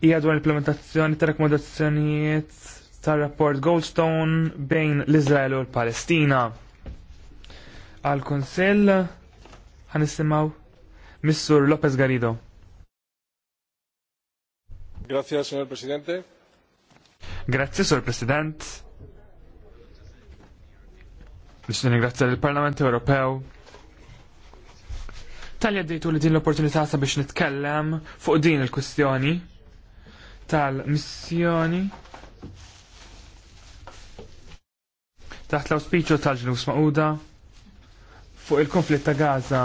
hija dwar l implementazzjoni ta' rakkomandazzjonijiet tar-rapport Goldstone bejn l-Iżrael u l-Palestina. Għal kunsill ħanisimgħu Missur Lopez Garrido. Grazie, signor Presidente. Grazie, Sur President. Biex ringrazzja l-Parlament Ewropew tal-jaddejtu li din l-opportunità sabiex nitkellem fuq din il kustjoni tal-missjoni taħt l-auspiċu tal-ġnus ma'uda fuq il-konflitt ta' Gaza.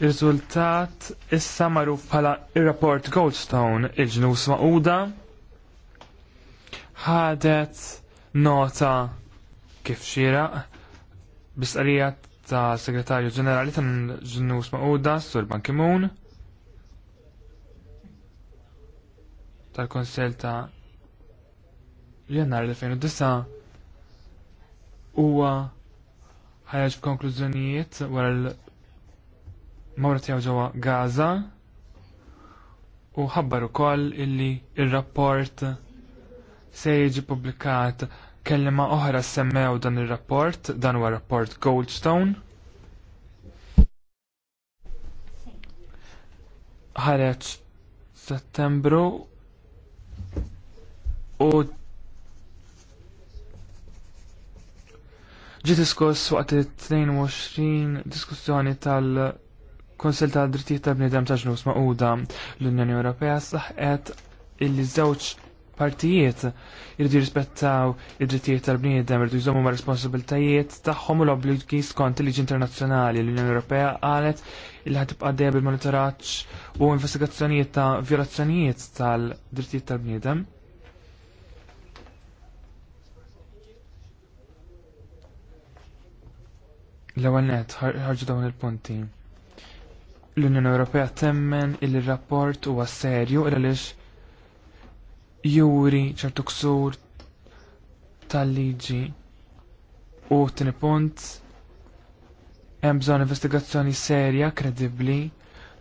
Riżultat issa magħruf bħala ir-rapport Goldstone il-ġnus ma'uda ħadet nota kif xieraq bisqarija ta' segretarju ġenerali tal-ġnus ma'uda sur Ban Ki-moon tal-Konsell ta' Jannar 2009 huwa ħareġ b'konklużjonijiet wara l-mawra tiegħu ġewwa Gaza u ħabbar ukoll illi ir-rapport se jiġi pubblikat kellima oħra semmew dan ir-rapport, dan huwa rapport Goldstone. Ħareġ Settembru u ġi diskoss waqt 22 diskussjoni tal-Konsil ta' Drittijiet ta' Bnedem ta' Ġnus Maquda l-Unjoni Ewropea saħqet illi żewġ partijiet jridu jirrispettaw id-drittijiet tal-bniedem irridu jżommu ma' responsabiltajiet tagħhom u l-obbligi skont il-liġi internazzjonali l-Unjoni Ewropea qalet il-ħadd ħatibqa' dejja bil-monitoraġġ u investigazzjonijiet ta' violazzjonijiet tal-drittijiet tal-bniedem. L-ewwel nett ħarġu dawn il-punti. L-Unjoni Ewropea temmen il-rapport huwa serju il għaliex juri ċertu ksur tal-liġi u tini punt hemm bżonn investigazzjoni serja kredibbli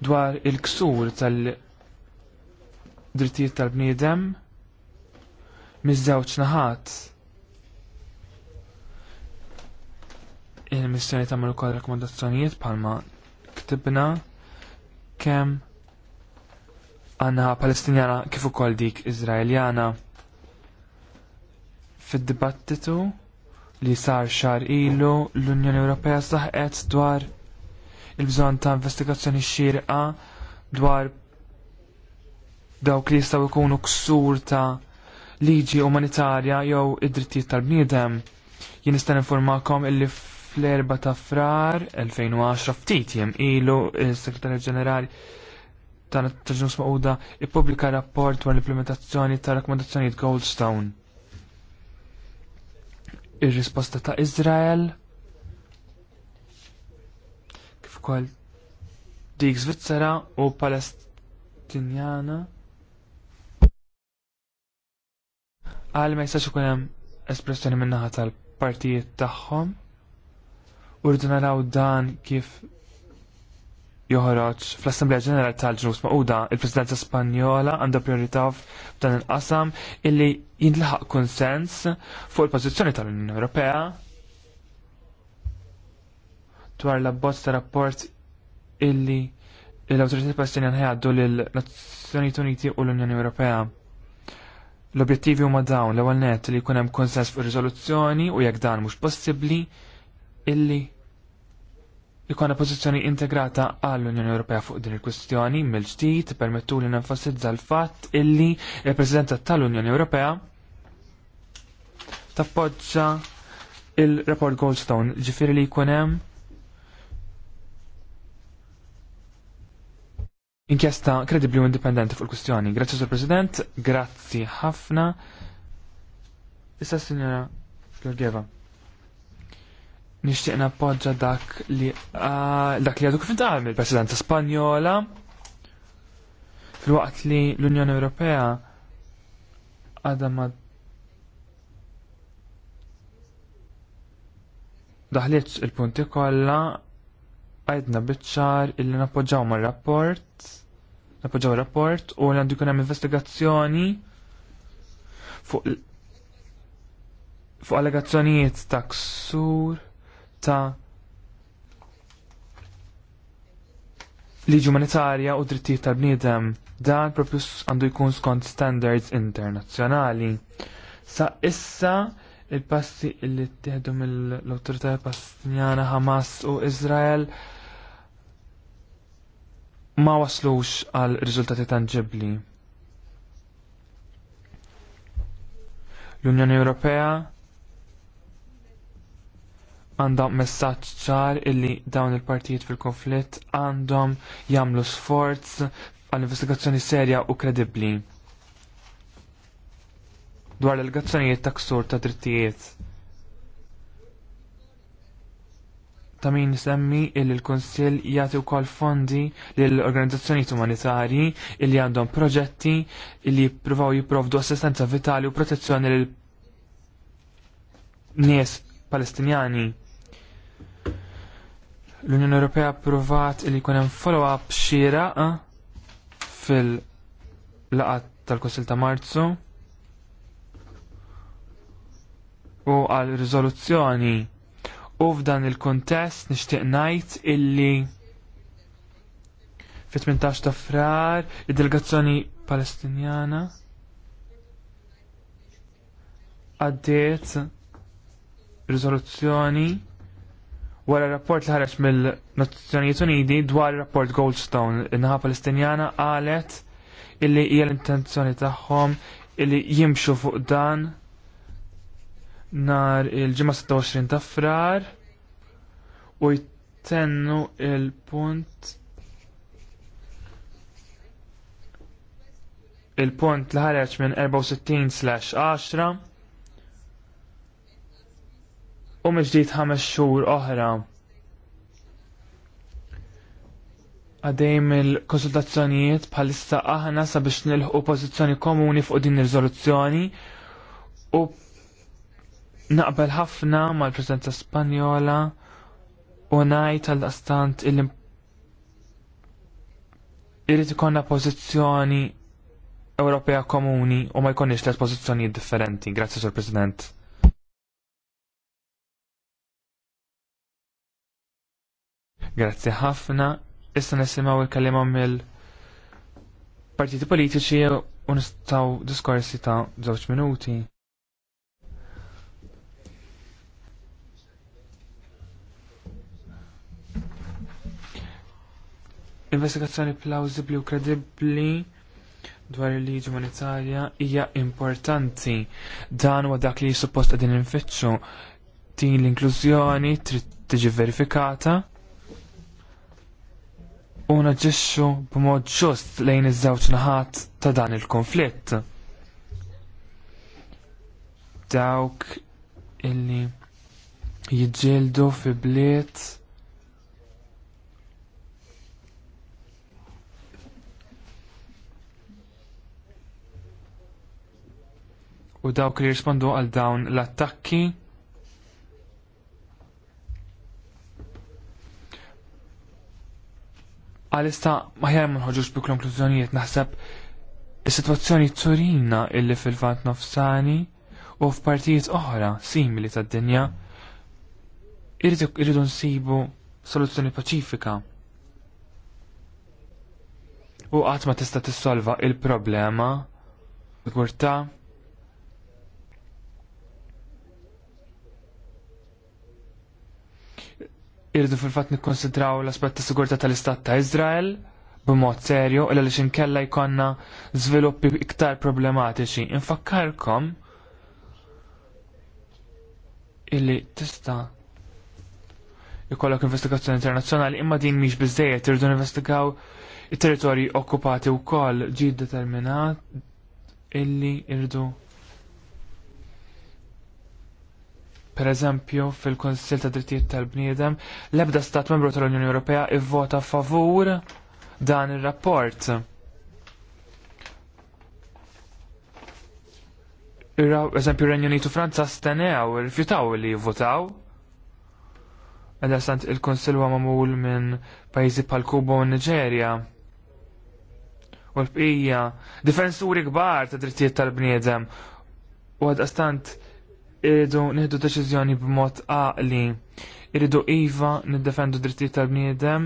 dwar il-ksur tal-drittijiet tal-bniedem miż-żewġ naħat il-missjoni mal ukoll rakkomandazzjonijiet bħalma ktibna kemm għanna Palestinjana kif ukoll dik Iżraeljana fid-dibattitu li sar xar ilu l-Unjoni Ewropea saħqet dwar il-bżon ta' investigazzjoni xirqa dwar dawk li jistaw ikunu ksur ta' liġi umanitarja jew id-drittijiet tal-bniedem. Jien nista' informakom illi fl-4 ta' frar 2010 ftit jem ilu il-Segretarju Ġenerali tal-ġnus maquda ippubblika rapport dwar l-implementazzjoni tar rakkomandazzjonijiet Goldstone. Ir-risposta ta' Izrael kif ukoll dik Svizzera u Palestinjana għal ma jistax ikun hemm espressjoni min-naħa tal-partijiet tagħhom u rridu naraw dan kif joħroġ fl assemblea Ġenerali tal-Ġnus Maquda il-Presidenza Spanjola għandha priorità f'dan il-qasam illi jintlaħaq konsens fuq il-pożizzjoni tal-Unjoni Ewropea dwar l-abbozz ta' rapport illi l-awtoritajiet Palestinjan ħejgħaddu lill-Nazzjonijiet Uniti u l-Unjoni Ewropea. L-objettivi huma dawn l-ewwel nett li jkun hemm konsens fuq ir-riżoluzzjoni u jekk dan mhux possibbli illi ikona pożizzjoni integrata għall-Unjoni Ewropea fuq din il-kwistjoni mill-ġdid permettu li nenfasizza l-fatt illi il-Presidenta tal-Unjoni Ewropea tappoġġa il-rapport Goldstone ġifiri li jkun hemm inkjesta kredibli u indipendenti fuq il-kwistjoni. Grazzi Sur President, grazzi ħafna. Issa Signora Florgeva nixtieq nappoġġa dak li ah, dak li għadu kif dar il-Presidenza Spanjola fil-waqt li l-Unjoni Ewropea għadha ma daħliet il-punti kollha għajdna bitċar illi nappoġġaw ma' rapport nappoġġaw rapport u li għandu jkun hemm investigazzjoni fuq fuq allegazzjonijiet ta' ksur ta' liġi umanitarja u drittijiet tal-bniedem dan propju għandu jkun skont standards internazzjonali. Sa issa il-passi li ttieħdu mill awtorità palestinjana Hamas u Izrael ma waslux għal riżultati tangibbli. L-Unjoni Ewropea għandhom messaġġ ċar illi dawn il-partijiet fil-konflitt għandhom jagħmlu sforz għall-investigazzjoni serja u kredibbli dwar l-allegazzjonijiet ta' ksur ta' drittijiet. Ta' min semmi illi l-Konsil jagħti wkoll fondi lill organizzazzjonijiet umanitarji illi għandhom proġetti illi jippruvaw jipprovdu assistenza vitali u protezzjoni lil nies Palestinjani. L-Unjoni Ewropea approvat li jkun hemm follow-up xieraq eh, fil-laqat tal-Kunsil ta' Marzu u għal riżoluzzjoni u f'dan il-kontest nixtieq ngħid illi fit-18 ta' frar id-delegazzjoni palestinjana għaddiet riżoluzzjoni wara rapport li ħareġ mill-Nazzjonijiet Uniti dwar rapport Goldstone, in-naħa Palestinjana qalet illi hija l-intenzjoni tagħhom illi jimxu fuq dan nar il-ġimgħa 26 ta' frar u jtennu il-punt il-punt li ħareġ minn 64/10 u mġdijt ħames xhur oħra. Għadejm il-konsultazzjonijiet bħalissa aħna sabiex nilħu pożizzjoni komuni fuq din ir-riżoluzzjoni u naqbel ħafna mal prezenza Spanjola u ngħid għal astant il irrid ikonna pożizzjoni Ewropea komuni u ma jkunniex l pożizzjonijiet differenti. Grazzi, Sur President. Grazzi ħafna. Issa nisimaw il-kalima mill partiti politiċi u nistaw diskorsi ta' żewġ minuti. investigazzjoni plausibli u kredibbli dwar il-liġi monetarja hija importanti. Dan huwa dak li suppost qegħdin infittxu din l-inklużjoni trid tiġi verifikata u naġixxu b'mod ġust lejn iż-żewġ naħat ta' dan il-konflitt. Dawk illi jiġġieldu fi bliet u dawk li jirrispondu għal dawn l-attakki għalista maħjar ma bi konklużjonijiet naħseb is-sitwazzjoni turina illi fil-vant nofsani u f'partijiet oħra simili tad-dinja irridu nsibu soluzzjoni paċifika. U qatt ma tista' solva il-problema b'gurtà irridu fil-fatt nikkonsidraw l-aspett ta' sigurtà tal-Istat ta' Iżrael b'mod serju illa li xinkella jkonna żviluppi iktar problematiċi. Infakkarkom illi tista' jkollok investigazzjoni internazzjonali imma din mhix biżejjed irridu investigaw it-territorji okkupati wkoll ġi determinat illi irridu Per eżempju, fil-Konsil ta' Drittijiet tal-Bniedem, l-ebda stat membru tal-Unjoni Ewropea ivvota favur dan ir-rapport. Eżempju, Renju Unitu Franza stenew, rifjutaw li jivvotaw. Għadda il-Konsil huwa mamul minn pajjiżi bħal Kuba u Niġerja. U l-bqija, difensuri kbar ta' drittijiet tal-bniedem. U għadda stant irridu nieħdu deċiżjoni b'mod għaqli. Irridu iva niddefendu drittijiet tal-bniedem,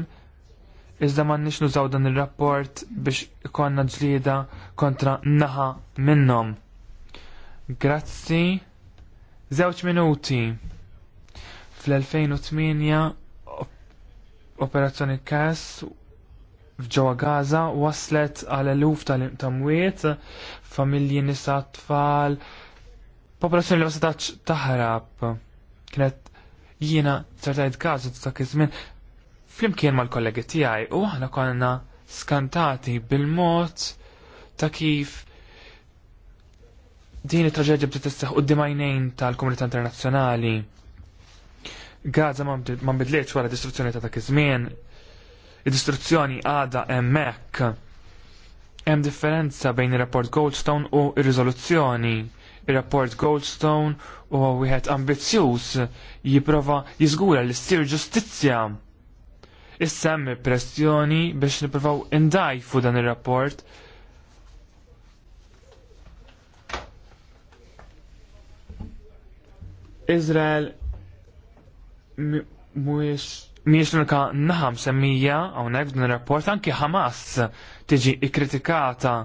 iżda m'għandniex nużaw dan ir-rapport biex ikonna ġlieda kontra naħa minnhom. Grazzi. Żewġ minuti. Fl-2008 operazzjoni Kass f'ġewa Gaza waslet għal eluf tal-imtamwiet, familji nisa tfal popolazzjoni li ma setax taħrab kienet jiena ċertajt kazu ta' kizmin flimkien mal-kollegi tiegħi u aħna konna skantati bil-mod ta' kif din it-traġedja bdiet tisseħ quddiem għajnejn tal-komunità internazzjonali. Gaza ma bidlietx wara distruzzjoni ta' ta' iż Id-distruzzjoni għadha hemmhekk. Hemm differenza bejn ir-rapport Goldstone u ir-riżoluzzjoni Il-rapport Goldstone u wieħed ambizzjuż jipprova jiżgura li ssir ġustizzja. Issemmi pressjoni biex nippruvaw indajfu dan ir-rapport Izrael miex l-ka naħam semmija għonek ir rapport anki Hamas tiġi ikkritikata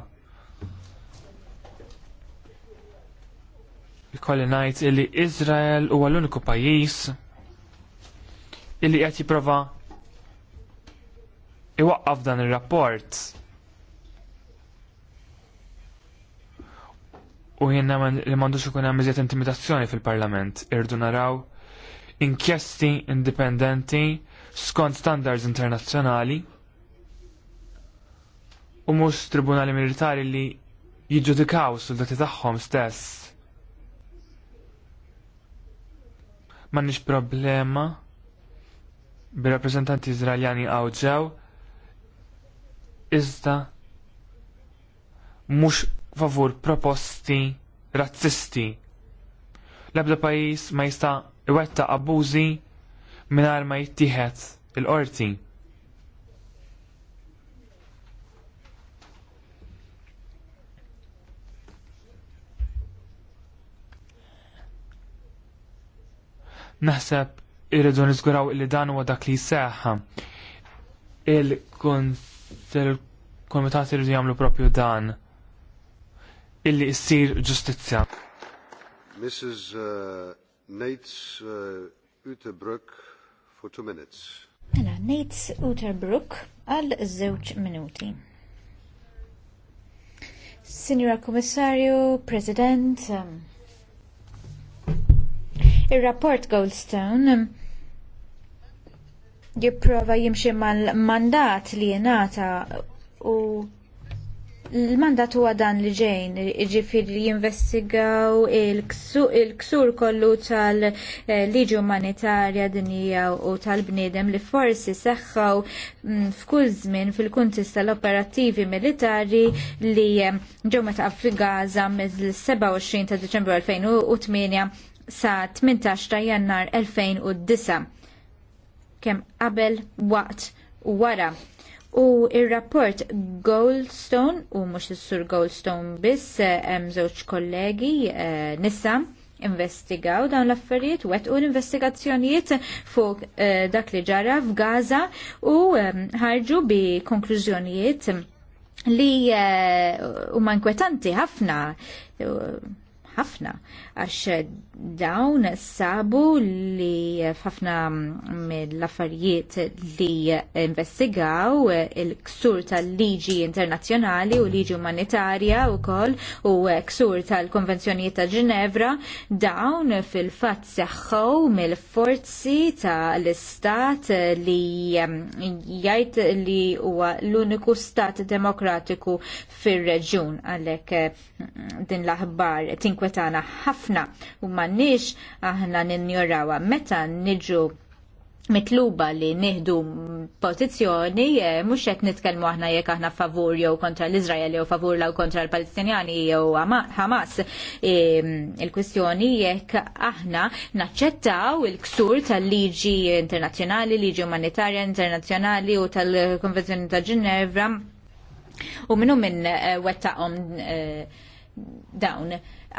Ikolli ngħid illi Izrael huwa l-uniku pajjiż illi qed jipprova iwaqqaf dan ir-rapport. U jenna li m'għandux ikun hemm intimidazzjoni fil-Parlament, irdu naraw inkjesti indipendenti skont standards internazzjonali u mhux tribunali militari li jiġġudikaw sul-dati tagħhom stess. M'għandniex problema bir-rappreżentanti Izraeljani għaw ġew iżda mhux favur proposti razzisti. L-ebda pajjiż ma jista' iwetta abbużi mingħajr ma jittieħed il-qorti. Naħseb irridu niżguraw li dan huwa dak li jseħħa. Il-komitat irridu jagħmlu propju dan illi issir ġustizzja. Mrs. Uh, Nates uh, Uterbrook for two minutes. Mela, Nates Utebrook għal żewġ minuti. Signora Commissario, President, um, Ir-rapport Goldstone jipprova jimxi mal-mandat li jenata u l-mandat huwa dan li ġejn, li jinvestigaw il-ksur kollu tal-liġi umanitarja dinija u tal-bniedem li forsi seħħaw mm, f'kull żmien fil-kuntist tal-operattivi militari li mm, ġew meta fil Gaza mill-27 ta' Deċembru 2008 sa 18 ta' jannar 2009 kem qabel waqt u wara. U il-rapport Goldstone, u mux il-sur Goldstone biss, eh, hemm żewġ kollegi eh, nisa investigaw dawn l-affarijiet u għetqu l-investigazzjonijiet fuq eh, dak li ġara f'Gaza u ħarġu bi konklużjonijiet li huma inkwetanti ħafna ħafna għax dawn sabu li ħafna mill-affarijiet li investigaw il-ksur tal-liġi internazzjonali u liġi umanitarja u koll u ksur tal-konvenzjonijiet ta' Ginevra dawn fil-fat seħħaw mill-forzi tal-istat li um, jgħid li huwa l-uniku stat demokratiku fir-reġjun għalhekk mm, din l-aħbar tinkwetana ħafna u ma m'għandniex aħna ninjorawha meta niġu mitluba li nieħdu pożizzjoni eh, mhux qed nitkellmu aħna jekk aħna favur jew kontra l-Iżrael jew favur law kontra l-Palestinjani jew Hamas. Ehm, il-kwistjoni jekk aħna naċċettaw il-ksur tal-liġi internazzjonali, liġi umanitarja internazzjonali u tal-Konvenzjoni ta' Ġinevra u minnu minn eh, wettaqhom uh, dawn.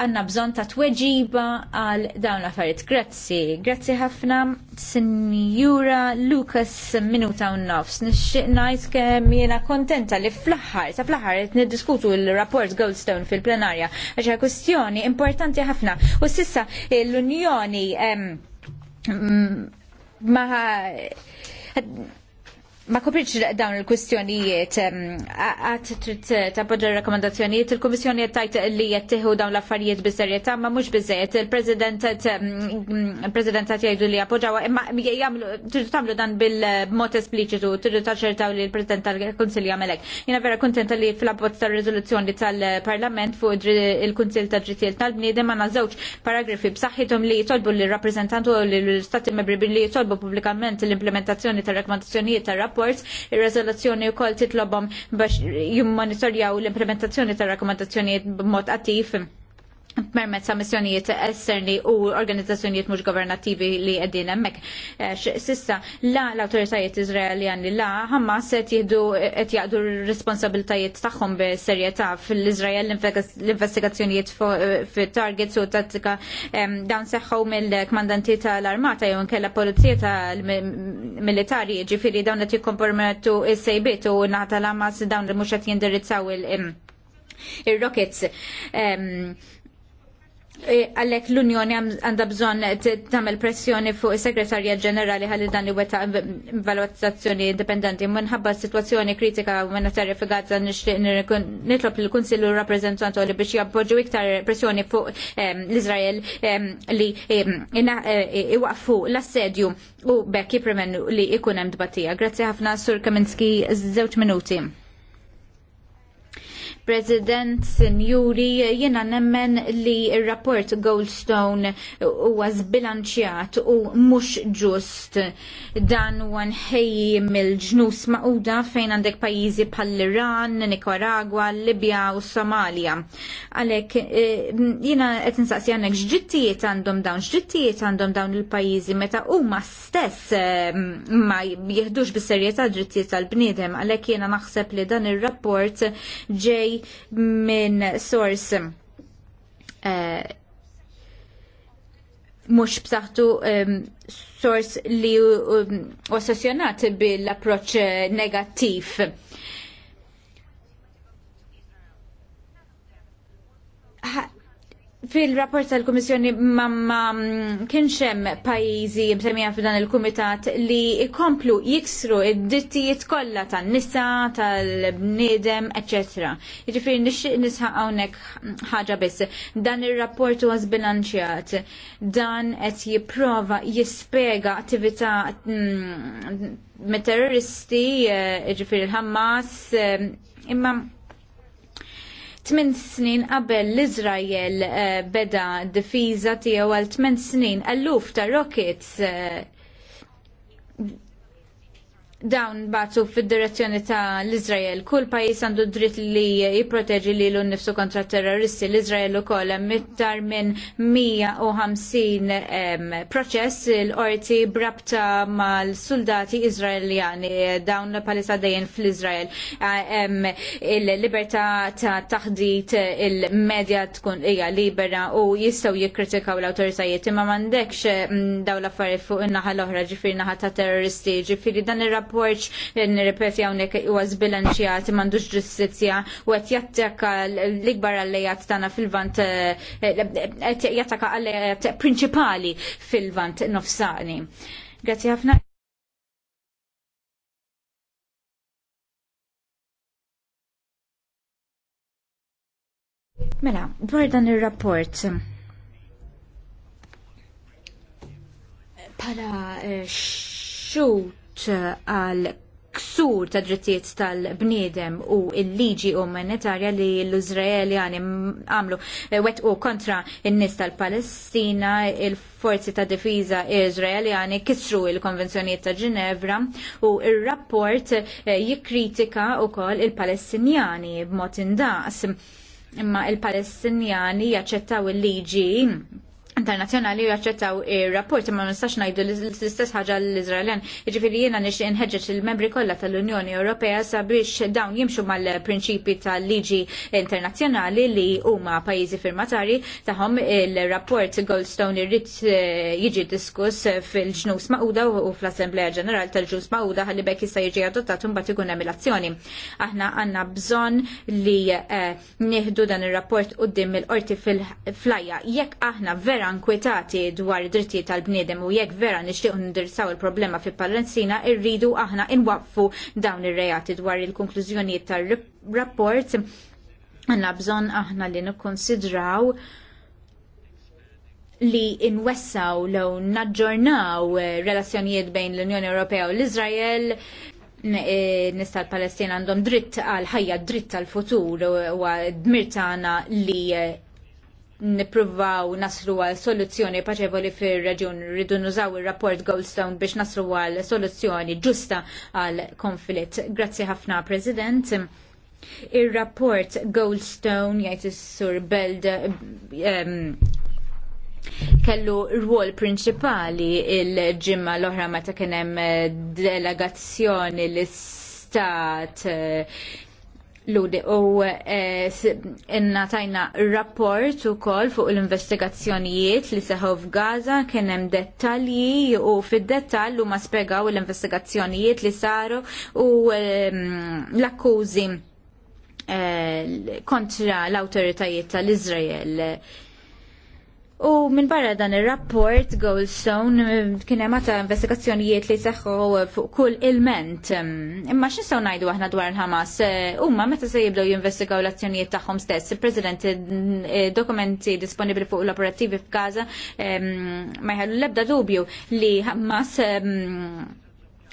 Għanna bżon ta' tweġiba għal dawn l-affarijiet. Grazzi, grazzi ħafna, Sinjura Lucas minuta un nofs. Nixxieq ngħid kemm jiena kontenta li fl-aħħar, ta' fl-aħħar qed niddiskutu l-rapport Goldstone fil-plenarja għax hija kwestjoni importanti ħafna. U sissa l-Unjoni ma ma kopriċ dawn il-kwistjonijiet, għat ta' podra rekomendazzjonijiet, il-Kummissjoni qed tgħid li jattihu dawn l-affarijiet bis-serjetà, ma mhux biżejjed, il-President il-President jgħidu li appoġġaw, imma jagħmlu tridu tagħmlu dan bil-mod espliċitu, tridu taċċertaw li l-President tal konsil jagħmel Jina Jiena vera kuntenta li fl-abbozz tar-riżoluzzjoni tal-Parlament fuq il-Kunsill ta' ġritiel tal-bniedem ma żewġ paragrafi b'saħħithom li jitolbu lir rappresentantu u l-Stati Membri li jitolbu pubblikament l-implementazzjoni tar rekomendazzjonijiet tal rapport rapport. ir u wkoll titlobom biex jimmonitorjaw l-implementazzjoni tar rakkomandazzjonijiet b'mod attiv permezz ta' missjonijiet esterni u organizzazzjonijiet mhux governattivi li qegħdin hemmhekk eh, sissa la l-awtoritajiet Iżraeljani la ħammas se jieħdu qed jaqdu r-responsabiltajiet tagħhom b'serjetà fl-Iżrael l-investigazzjonijiet eh, fit-targets u tattika dawn seħħu mill-kmandanti tal-armata jew inkella polizija tal-militari ġifieri dawn qed jikkompromettu s-sejbiet u naħa tal-Hamas dawn mhux qed jindirizzaw il- rockets għallek l-Unjoni għanda bżon tamel pressjoni fuq il-Segretarja ġenerali għalli dan li weta valutazzjoni indipendenti. Minħabba situazzjoni kritika u monetarja fi Gaza nitlob l kunsillu rappresentantu li biex jappoġu iktar pressjoni fuq l-Izrael li iwaqfu e, e, l-assedju u bekk jipremenu li ikunem dbatija. Grazie ħafna, Sur Kaminski, zewċ minuti. President Sinjuri, jiena nemmen li il-rapport Goldstone huwa zbilanċjat u mhux ġust dan u għanħeji mill-ġnus maquda fejn għandek pajjiżi bħall-Iran, Nicaragua, Libja u Somalia. Għalhekk eh, jiena qed insaqsi għandek x'ġittijiet għandhom dawn, ġġittijiet għandhom dawn il-pajjiżi meta huma stess eh, ma jieħdux bis-serjetà ġittijiet tal-bniedem, għalhekk jiena naħseb li dan ir-rapport ġej minn sors eh, mux b'saħtu um, ehm, sors li um, ossessjonat bil-approċ negattiv Fil-rapport tal-Komissjoni mamma mm, kienx hemm pajjiżi msemmija f'dan il-Kumitat li jkomplu jiksru id-dittijiet kollha tan-nisa, tal-bniedem, etc. Jiġifieri nixtieq nisħaq hawnhekk ħaġa biss. Dan ir-rapport huwa żbilanċjat. Dan qed jipprova jispjega attività mit mm, terroristi, eh, jiġifieri il-Ħammas, eh, imma Tmin snin qabel l-Izrael eh, beda difiża tiegħu għal tmin snin alluf ta' rockets eh, dawn bazzu fid-direzzjoni ta' l-Izrael. Kull pajis għandu dritt li jiproteġi li l kontra kontra terroristi. L-Izrael u koll mittar minn 150 proċess l-orti brabta mal soldati Izraeljani dawn palisa dejjen fl-Izrael. Il-libertà ta' taħdit il-medja tkun hija libera u jistaw jikkritikaw l awtoritajiet imma m'għandekx mm, dawn l-affarijiet fuq in-naħa l-oħra ġifieri naħa ta' terroristi ġifieri dan ir rapport nirripeti għawnek huwa zbilanċjat m'għandux ġustizzja u qed jattaka l-ikbar allejat tagħna fil-vant għet eh, eh, jattaka allejat prinċipali fil-vant nofsani. Grazzi ħafna. Mela, dwar dan ir-rapport. Pala eh, xut appoċ għal ksur ta' drittijiet tal-bniedem u il-liġi umanitarja li l-Izraeli għani għamlu eh, wet u kontra n-nis tal-Palestina, il-forzi ta' difiża Izraeli għani kisru il-konvenzjoniet ta' Ginevra u il-rapport eh, jikritika u kol il-Palestinjani b'mod indaqs imma il-Palestinjani jaċċettaw il-liġi internazjonali u jaċċettaw ir-rapport ma nistax ngħidu l-istess ħaġa l izraelen Jiġifieri jiena nix inħeġġeġ il-membri kollha tal-Unjoni Ewropea sabiex dawn jimxu mal-prinċipi tal-liġi internazzjonali li huma pajjiżi firmatari taħom il-rapport Goldstone irrit eh, jiġi diskuss fil-ġnus Magħquda u fl-Assembleja Ġenerali tal-Ġnus Magħquda ħalli bekk jista' jiġi adottat bat ikun hemm azzjoni Aħna għandna bżonn li eh, nieħdu dan ir-rapport quddiem il-qorti fil-flajja. Jekk aħna vera vera nkwetati dwar id-drittijiet tal-bniedem u jekk vera nixtieq ndirsaw il-problema fi Palestina irridu aħna inwaqfu dawn ir-reati dwar il-konklużjonijiet tar-rapport għandna bżonn aħna li nikkonsidraw li inwessaw lew naġġornaw relazzjonijiet bejn l-Unjoni Ewropea u l-Izrael nista l-Palestina għandhom dritt għal ħajja dritt għal futur u dmirtana li nipruvaw naslu għal soluzzjoni paċevoli fir reġjun rridu nużaw ir-rapport Goldstone biex naslu għal soluzzjoni ġusta għal konflitt. Grazzi ħafna, President. Ir-rapport Goldstone jgħid is-Sur Beld um, kellu rwol prinċipali il-ġimma l-oħra ma kien hemm delegazzjoni l-istat ludi u eh, inna tajna rapport u kol fuq l-investigazzjonijiet li seħu f'Gaza kienem dettalji u fid-dettall u ma spiegaw l-investigazzjonijiet li saru u ehm, l-akkużi eh, kontra l-autoritajiet tal-Izrael U minn barra dan il-rapport Goldstone kien hemm meta investigazzjonijiet li seħħu fuq kull ilment. Imma x'nistgħu ngħidu aħna dwar il-Ħamas? Huma meta se jibdew jinvestigaw l-azzjonijiet tagħhom stess. Il-President eh, dokumenti disponibbli fuq l-operattivi f'Gaza ma jħallu l-ebda dubju li Ħamas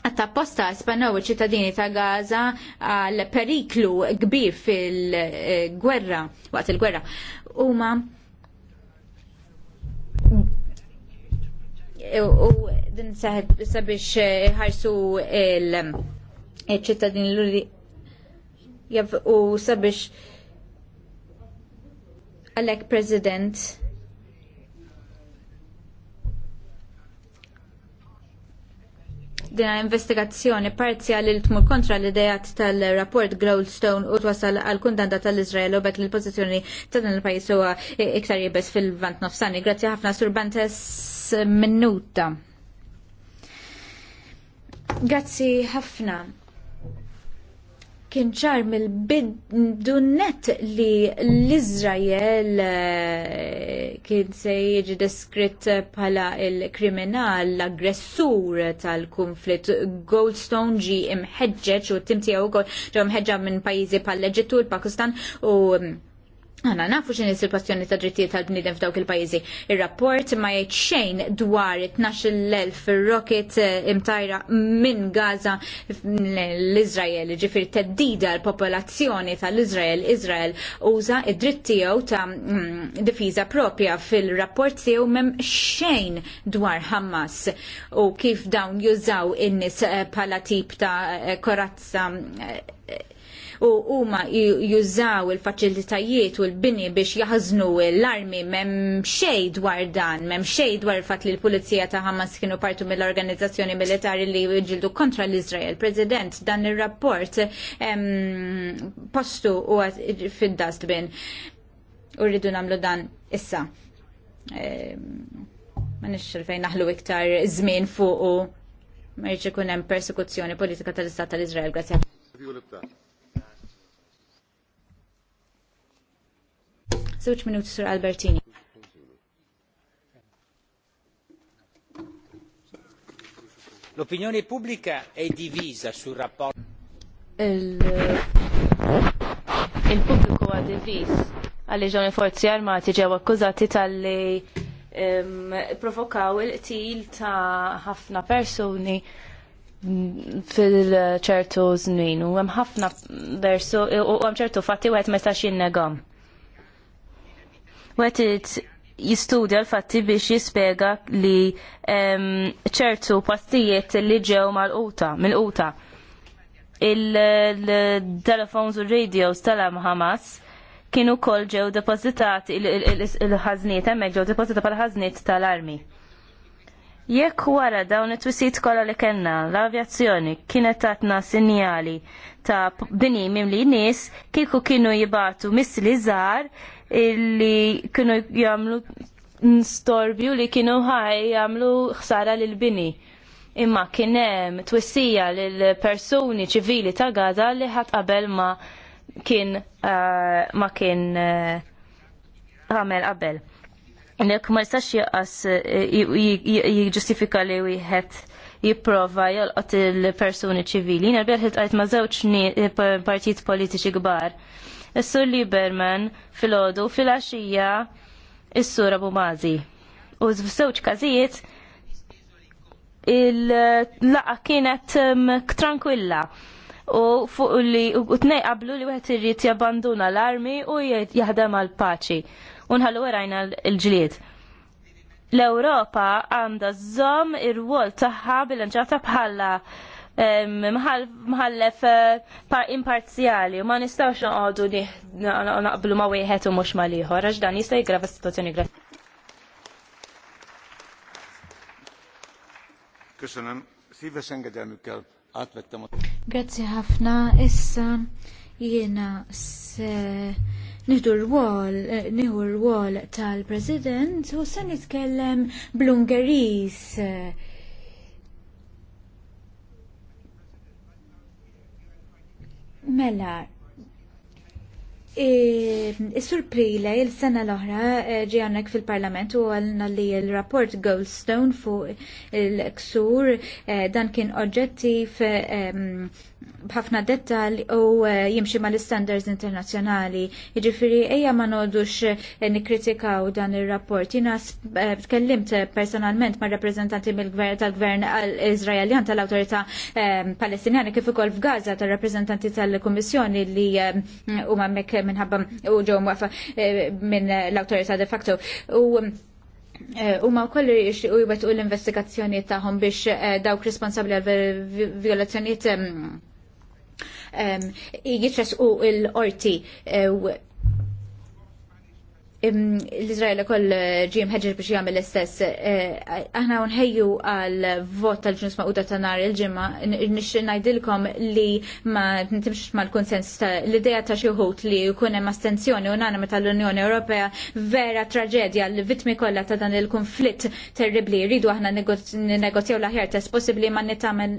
Għatta apposta spanaw ċittadini ta' Gaza għal periklu kbir fil-gwerra, eh, waqt il-gwerra. Uma u din saħed sabiex eh, ħarsu il-ċittadin eh, l u sabiex għalek president din investigazzjoni parzjali li tmur kontra l-idejat tal-rapport Goldstone u twasal għal kundanda tal-Izrael u bekk l-pozizjoni ta' dan il-pajis huwa eh, iktar jibes fil-vant nofsani. Grazzi ħafna Sur Bantes minnuta. Grazzi ħafna. Kien ċar mill-bidunnet li l-Izrael eh, kien se jiġi deskritt bħala il-kriminal, l-aggressur tal-konflitt. Goldstone ġi imħedġeċ u timtijaw ġo imħedġa minn pajizi pal eġittu il pakistan u mm, Għana nafu xin il passjoni ta' drittijiet tal-bnidem f'dawk il-pajizi. Il-rapport ma jgħid xejn dwar 12.000 rocket eh, imtajra minn Gaza l-Izrael, ġifir teddida l-popolazzjoni tal-Izrael. Izrael uża id drittijaw tiegħu ta' mm, difiża propja fil-rapport tiegħu mem xejn dwar Hamas u kif dawn jużaw in-nies pala eh, tip ta' eh, korazza u huma jużaw il-faċilitajiet u l-bini biex jaħznu l-armi mem xej dwar dan, mem xej dwar fatt li l-pulizija ta' Hamas kienu partu mill-organizzazzjoni militari li jġildu kontra l-Izrael. President, dan il-rapport postu u fid-dustbin u rridu namlu dan issa. Ma nix fejn naħlu iktar żmien fuq u ma jġi kunem persekuzzjoni politika tal-Istat tal-Izrael. Grazie. Zewċ minuti sur Albertini. L-opinjoni pubblika è divisa sul rapporto. Il, il pubblico ha diviso alle giovani forze armate, ġew akkużati tal-li ehm, provocavano il-qtil ta' hafna persone mm, fil certo żmien hafna verso, ħafna versu u hemm ċertu fatti wieħed ma jistax jinnegam. Wetit jistudja l-fatti biex jispjega li ċertu pastijiet li ġew mal-quta, mill-quta. Il-telefons u radios tal-am Hamas kienu kol ġew depozitati il-ħazniet, hemmhekk ġew depozitati pal ħazniet tal-armi. Jekk wara dawn it-twisit kollha li kellna l-avjazzjoni kienet tatna sinjali ta' bini mimli nies kieku kienu jibatu misli żgħar illi kienu jagħmlu nstorbju li kienu ħaj jagħmlu ħsara lil bini. Imma kien hemm twissija lil persuni ċivili ta' Gaza li ħadd qabel ma kien uh, ma kien eh, għamel uh, qabel. Nek ma jistax jaqas eh, jiġustifika li wieħed jipprova jolqot il-persuni ċivili. Nerbeħ il-tajt ma' zewċ partijiet politiċi kbar is-Sur Lieberman fil-ħodu fil-għaxija is-Sur Abu Mazi. U f'żewġ każijiet il-laqa kienet um, tranquilla u fuq li u tnej qablu li wieħed irid jabbanduna l-armi u jaħdem għal paċi u nħallu warajna l-ġlied. L-Ewropa għandha żomm ir wol tagħha bil-inġata bħala mħallef eh, imparzjali u ma nistawx naqgħodu naqblu ma wieħed u mhux ma ieħor għax dan jista' jgrava situazzjoni grav. Köszönöm. Szíves engedelmükkel átvettem a... Grazie hafna. Issa jena se nidur wall, eh, nidur wall tal-President u se nitkellem bl-Ungeris Mela, e, Is-surprile il-sena l-oħra e, ġijannek fil-parlament u għalna li l-rapport Goldstone fuq il-ksur e, dan kien oġġettiv bħafna dettal u eh, jimxi ma l-standards internazjonali. Iġifiri, eja ma nodux eh, nikritikaw dan il-rapport. Jina eh, tkellimt personalment ma rappresentanti mill-gvern tal-gvern izraeljan tal-autorita palestinjana kif ukoll f'Gaza tal-rappresentanti tal-Kommissjoni li huma mek minħabba u ġew mwafa minn l-autorita de facto. U U ma koll u jibet u l-investigazzjoni taħom biex dawk responsabli għal violazzjoniet Um, jitresqu l qorti eh, l-Izraela koll eh, ġim ħedġer biex jagħmel l-istess. Eh, aħna nħejju għal vot tal-ġnus maquda ta' nar il-ġimma, nixtieq ngħidilkom li ma ma' mal-konsens l-idea ta' xi wħud li jkun hemm astenzjoni u nagħna meta unjoni Ewropea vera traġedja l-vittmi kollha ta' dan il-konflitt terribli. Ridu aħna negozjaw laħjar aħjar test possibbli ma nittamen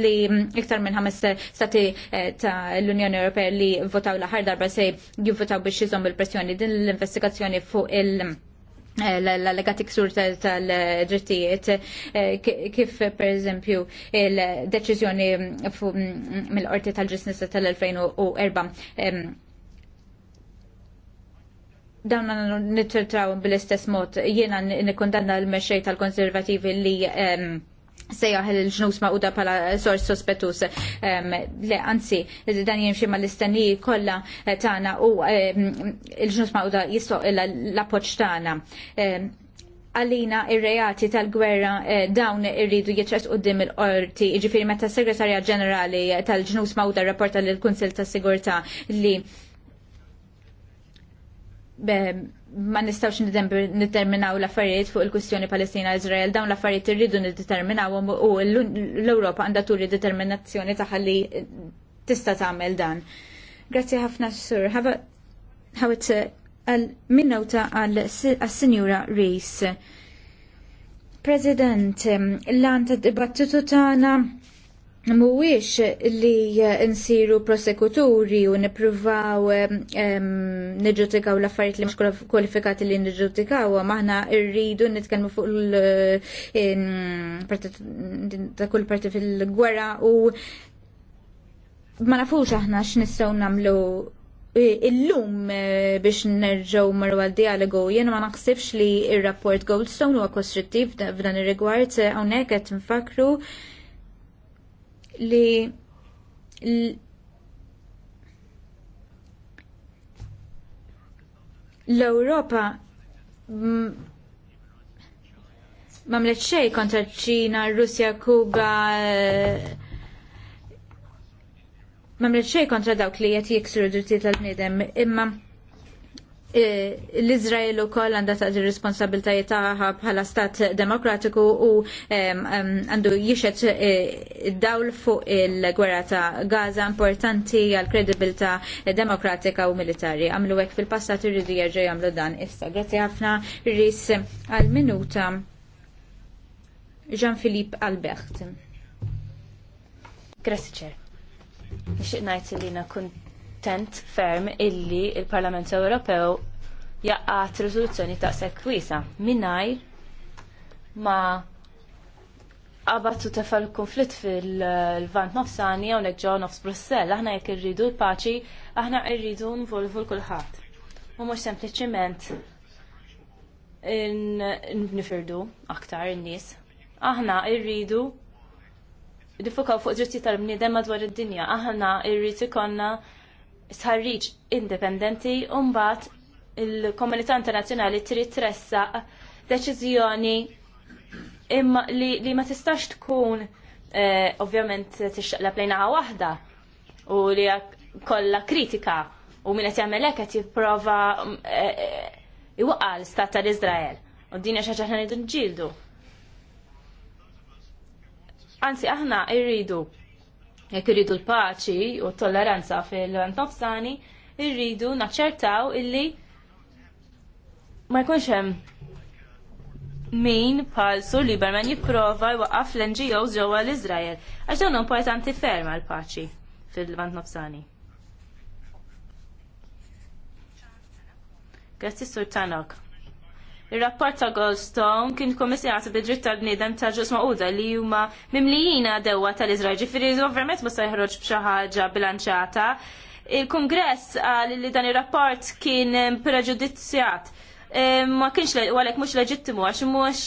li iktar minn ħames stati eh, ta' l-Unjoni Ewropea li votaw laħar darba se jivvotaw biex jizom il-pressjoni din l-investigazzjoni leġislazzjoni fuq il- eh, l-allegati ksur tal-drittijiet eh, kif per eżempju il-deċizjoni mm, mill-qorti tal-ġisnissa tal-2004 dawn nittraw bil-istess mod jiena nikkondanna l-mexxej tal-konservativi li sejjaħ il-ġnus uda pala sors sospetus. Le, anzi, dan jimxie ma l istani kolla eh, tana u il-ġnus maquda jistoq l-appoċ tana. Għalina ir-reati tal-gwerra eh, dawn irridu u dim il-qorti, ġifiri meta segretarja ġenerali tal-ġnus uda rapporta l-Kunsil tas-Sigurta li ma nistawx niddeterminaw l-affarijiet fuq il-kwistjoni Palestina Izrael, dawn l-affarijiet irridu niddeterminaw u l-Europa għandha turi determinazzjoni taħħa li tista' tagħmel dan. Grazzi ħafna sur. Uh, Ħawet minnota għal-Sinjura Rees. President, um, l-għan ta' dibattitu tagħna Mhuwiex li eh, nsiru prosekuturi u nippruvaw niġġudikaw l-affarijiet li mhux kwalifikati li niġġudikaw, maħna rridu nitkellmu fuq ta' kull parti fil-gwerra u ma nafux aħna x'nistgħu nagħmlu eh, illum eh, biex nerġaw marwa dialogu jien ma naħsibx li ir-rapport Goldstone huwa kostruttiv f'dan ir-rigward hawnhekk qed nfakru li l-Europa mamlet xej kontra ċina, Russja, Kuba, mamlet xej kontra dawk li jgħet jiksru drittijiet tal-bnidem, imma Eh, l-Izrael u koll għanda ta' responsabiltajiet taħħa bħala stat demokratiku u għandu jixet eh, dawl fuq il-gwerra ta' Gaza importanti għal kredibilta demokratika u militari. Għamlu għek fil-passat irridu jirġu għamlu dan issa. Grazie ħafna ris għal-minuta Jean-Philippe Albert. Grazie ċer. Nixtieq ngħid li na kunt Intent ferm illi l il parlament Ewropew jaqqat riżoluzzjoni ta' sekwisa mingħajr ma qabattu tefal konflitt fil-vant nofsani jew ġew nofs Brussell, aħna jekk irridu l-paċi, aħna rridu nvolvu l-kulħadd. U mhux sempliċement nifirdu aktar in-nies. Aħna rridu nifukaw fuq drittijiet tal-bniedem madwar id-dinja. Aħna rrid ikonna sħarriġ independenti u mbagħad il-komunità internazzjonali trid tressaq deċiżjoni imma li, ma tistax tkun eh, ovvjament tixtaqla plejnaħa waħda u li kollha kritika u min qed jagħmel hekk qed jipprova eh, iwaqqa l-istat tal-Iżrael. U din xi ħaġa ġildu. nġildu. Anzi aħna rridu jekk irridu l-paċi u t-tolleranza fil-nofsani, irridu naċċertaw illi ma jkunx hemm min pal Sur Liberman jipprova jwaqaf l-NGOs ġewwa l-Iżrael għax dawn importanti ferm għal paċi fil lvant Nofsani. Grazzi Sur Tanok. Il-rapport ta' Goldstone kien komissjat bid-dritt tal-bniedem ta' ġus maquda li huma mimlijina dewa tal-Izrael. l ovvjament ma se jħroġ b'xi ħaġa bilanċata. Il-Kungress għal li dan ir-rapport kien preġudizzjat e, ma kienx għalek mux leġittimu għax mux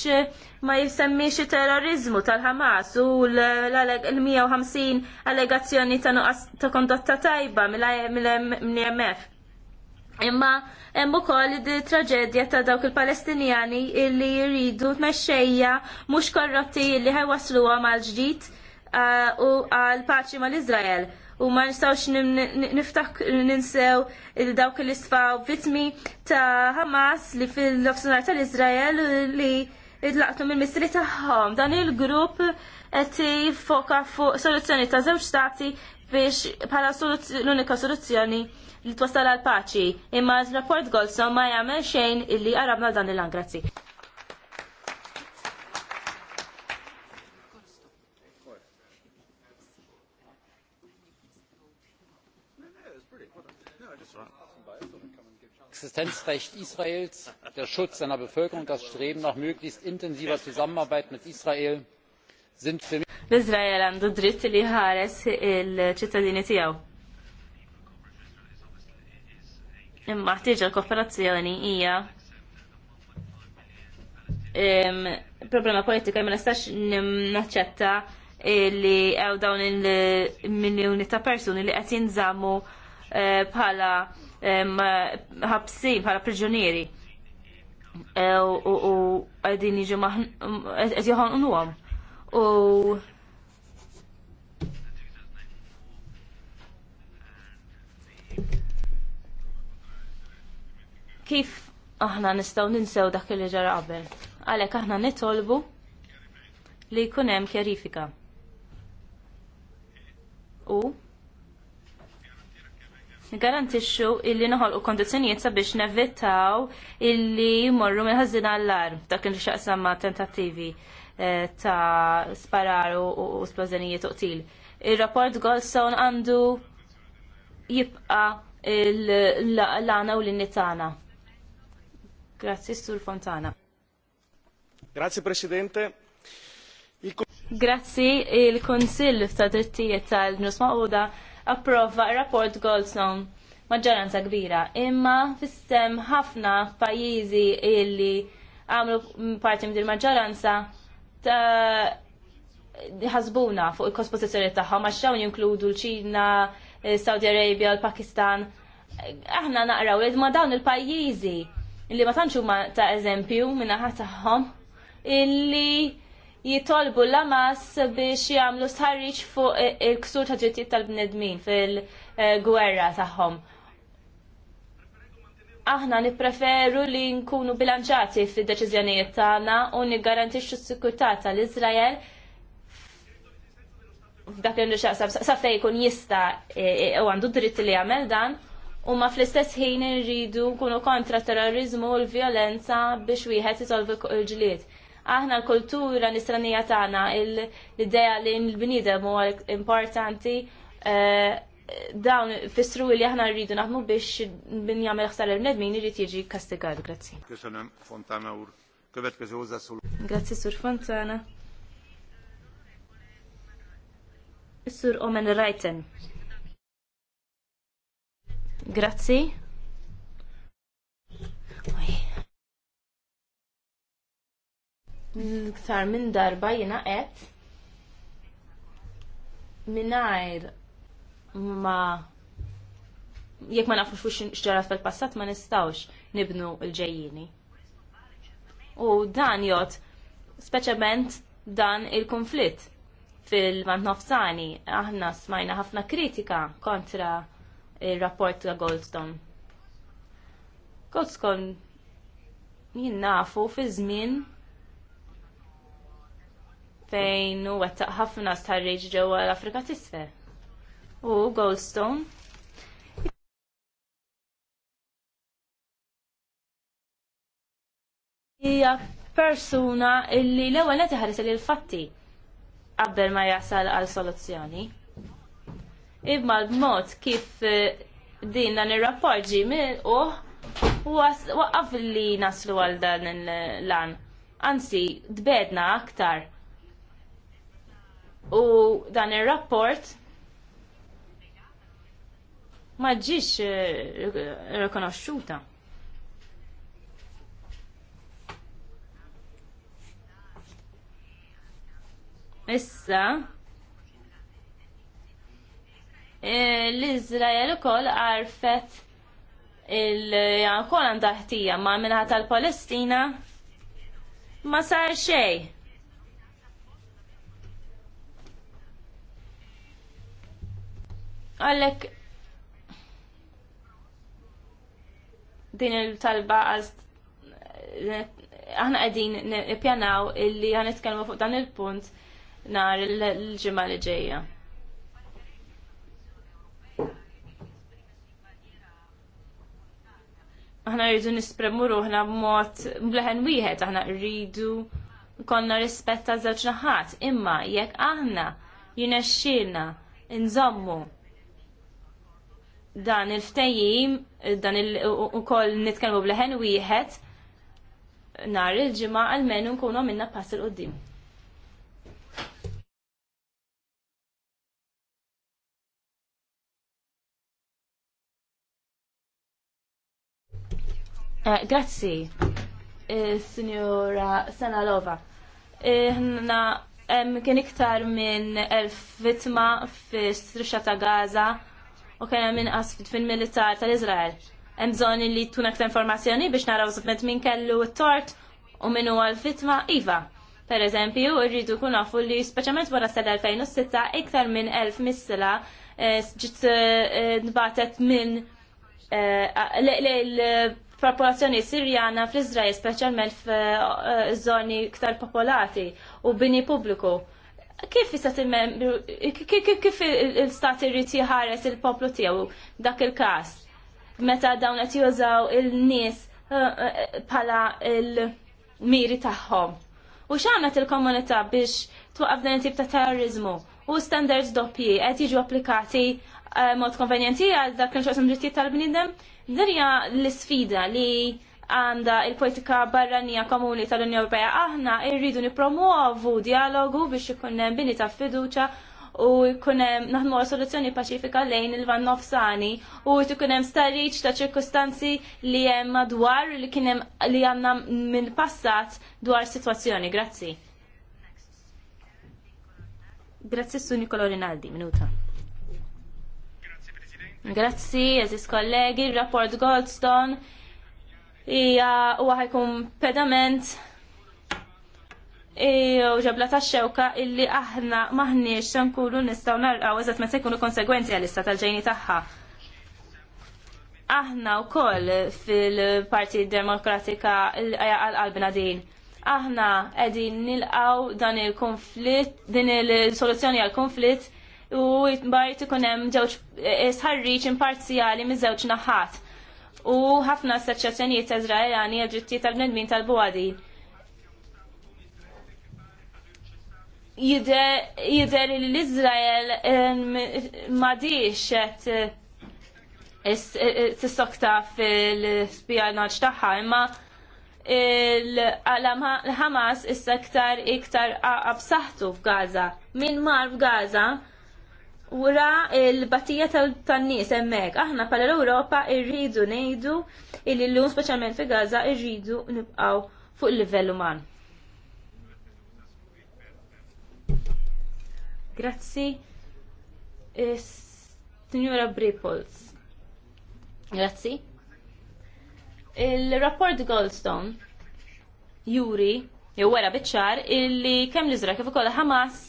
ma jisemmix terrorizmu tal ħamas u l-150 allegazzjoni ta' kondotta tajba mill-IMF. Imma hemm ukoll traġedja ta' dawk il-Palestinjani illi jridu tmexxejja mhux korrotti illi ħajwasluha mal-ġdid uh, u għal paċi mal-Iżrael. U ma nistgħux niftak ninsew dawk l isfaw vittmi ta' Hamas li fil-nofsinhar tal-Iżrael li idlaqtu minn misri tagħhom. Dan il-grupp qed jiffoka fuq soluzzjoni ta' żewġ stati biex pala l-unika soluzzjoni li twasala l paċi imma l-rapport Golson ma jagħmel xejn illi arabna dan il-lan grazzi. existenzrecht israels der schutz seiner bevölkerung das streben nach möglichst intensiver zusammenarbeit mit israel L-Izrael għandu dritt li ħares il-ċittadini tiegħu. Imma ħtieġa l-kooperazzjoni hija problema politika ma nistax naċċetta li għaw dawn il-miljoni ta' persuni li qed jinżammu eh, bħala ħabsin bħala priġunieri eh, u għedin jiġu maħn għed jħon u kif aħna nistgħu ninsew dak li ġara qabel. Għalek aħna nitolbu li jkun hemm kjerifika. U garantixxu illi noħolqu kondizzjonijiet sabiex nevitaw illi jmorru minn ħażin allarm dak li xaqsam ma' tentattivi Eh, ta' sparar u splużenijiet u qtil. Il-rapport Goldstone għandu jibqa l-għana u l-nitana. Grazie, Sur Fontana. Grazie, Presidente. Grazzi il konsil ta' drittijiet tal-Nus Mawda approva rapport Goldstone maġġoranza kbira. Imma fissem ħafna pajjiżi illi għamlu parti mid maġġoranza Eh, ħasbuna fuq il kospozizjoni tagħhom għax dawn jinkludu l-Ċina, eh, Saudi Arabia, l-Pakistan. Aħna naqraw li ma dawn il-pajjiżi li ma tantx huma ta' eżempju minn naħa tagħhom illi jitolbu l-amas biex jagħmlu sħarriġ fuq il-ksur ta' ġittijiet tal-bnedmin fil-gwerra eh, tagħhom aħna nippreferu li nkunu bilanċati fid-deċiżjonijiet tagħna u niggarantixxu s-sikurtà tal-Iżrael f'dak li sa fejn jkun jista' e, e, u għandu dritt li jagħmel dan u ma fl-istess ħin irridu nkunu kontra terrorizmu u l-vjolenza biex wieħed isolvi l-ġlied. Aħna l-kultura nisranija tagħna l-idea li l-bniedem huwa importanti e, dawn fissru li aħna rridu naħmu biex bin jagħmel ħsar il-bnedmin irid jiġi kastigat, grazzi. Grazzi Sur Fontana. Sur Omen Rajten. Grazzi. Ktar minn darba jina qed minajr ma jekk ma nafux fux xġara fil-passat ma nistawx nibnu l-ġejjini. U dan jot speċjalment dan il-konflitt fil-Mant Nofsani, aħna smajna ħafna kritika kontra il-rapport ta' Goldstone. Goldstone jinnafu fi żmien fejn u għattaq ħafna starriġ ġewwa l-Afrika tisfer u Goldstone. Hija persuna illi l-ewwel qed iħares li l-fatti qabel ma jasal għal soluzzjoni. Imma l-mod kif eh, din dan ir-rapport ġi u waqqaf li naslu għal dan l-lan. Anzi, dbedna aktar. U dan ir-rapport ma ġiex eh, eh, rikonoxxuta. Issa eh, l-Izrael ukoll għarfet il-jankol għandaħtija ma minna tal-Palestina ma sar xej. Għallek din il-talba għaz aħna għedin pjanaw illi għan itkellmu fuq dan il-punt nar il-ġimma li ġeja. Aħna rridu nispremu ruħna b'mod bleħen wieħed, aħna rridu konna rispetta żewġ naħat, imma jekk aħna jinexxilna nżommu dan il-ftejjim, dan il-ukoll nitkellmu bleħen wieħed nar il-ġimgħa menu nkunu minna pass il qoddim eh, Grazzi, eh, signora Sanalova. Ħna eh, kien iktar minn elf vittma fi strisċa ta' Gaza u kien hemm inqas fil-militar tal-Iżrael. Hemm li tkun aktar informazzjoni biex naraw żubmet min kellu t-tort u min huwa l-fitma iva. Per eżempju, rridu kun nafu li speċjalment wara sal-2006 iktar minn 1000 missila eh, ġit eh, nbatet minn eh, l-popolazzjoni Sirjana fl izrael speċjalment f'żoni iktar popolati u bini pubbliku kif jista' membru kif il-stat irid jħares il-poplu tiegħu dak il-każ meta dawn qed jużaw il-nies eh, eh, bħala il-miri tagħhom. U x'għamlet il-komunità biex twaqaf dan tip ta' terrorizmu u standards doppji qed jiġu applikati eh, mod konvenjenti għal dak il-xogħol drittijiet tal-bniedem, dinja l-isfida li għanda il-politika barranija komuni tal-Unjoni Ewropea aħna irridu nipromuovu dialogu biex ikun hemm bini ta' fiduċja u jkun hemm naħdmu soluzzjoni paċifika lejn il-van nofsani u jkun hemm stariċ ta' ċirkustanzi li hemm madwar li kien hemm li għandna minn passat dwar sitwazzjoni. Grazzi. Grazzi su Nicolo Rinaldi, minuta. Grazzi, eżis kollegi, rapport Goldstone hija huwa ħajkun pedament u ġabla ta' xewka illi aħna maħniex nkunu nistgħu narqaw eżatt meta jkunu konsegwenzi għal-issa tal-ġejni tagħha. Aħna wkoll fil-Parti Demokratika għal-qalbna din aħna edin nilqaw dan il-konflitt, din il-soluzzjoni għal-konflitt u jtbajt ikun hemm ġewġ eh, sħarriċ imparzjali miż-żewġ naħat u ħafna assoċjazzjonijiet Izraelani għal-drittijiet tal-bnedmin tal-bwadi. Jider li l-Izrael madix qed sokta fil-spjanaġġ tagħha imma l-Hamas issa iktar iktar absaħtu f'Gaza. Min mar f'Gaza Ura il battija tal-tannis emmek. Aħna pala l-Europa irridu nejdu illi l-lum specialment fi Gaza irridu nibqaw fuq il-livell uman. Grazzi, eh, Signora Bripols. Grazzi. Il-rapport Goldstone juri jew wara biċċar illi kemm l izra kif ukoll Hamas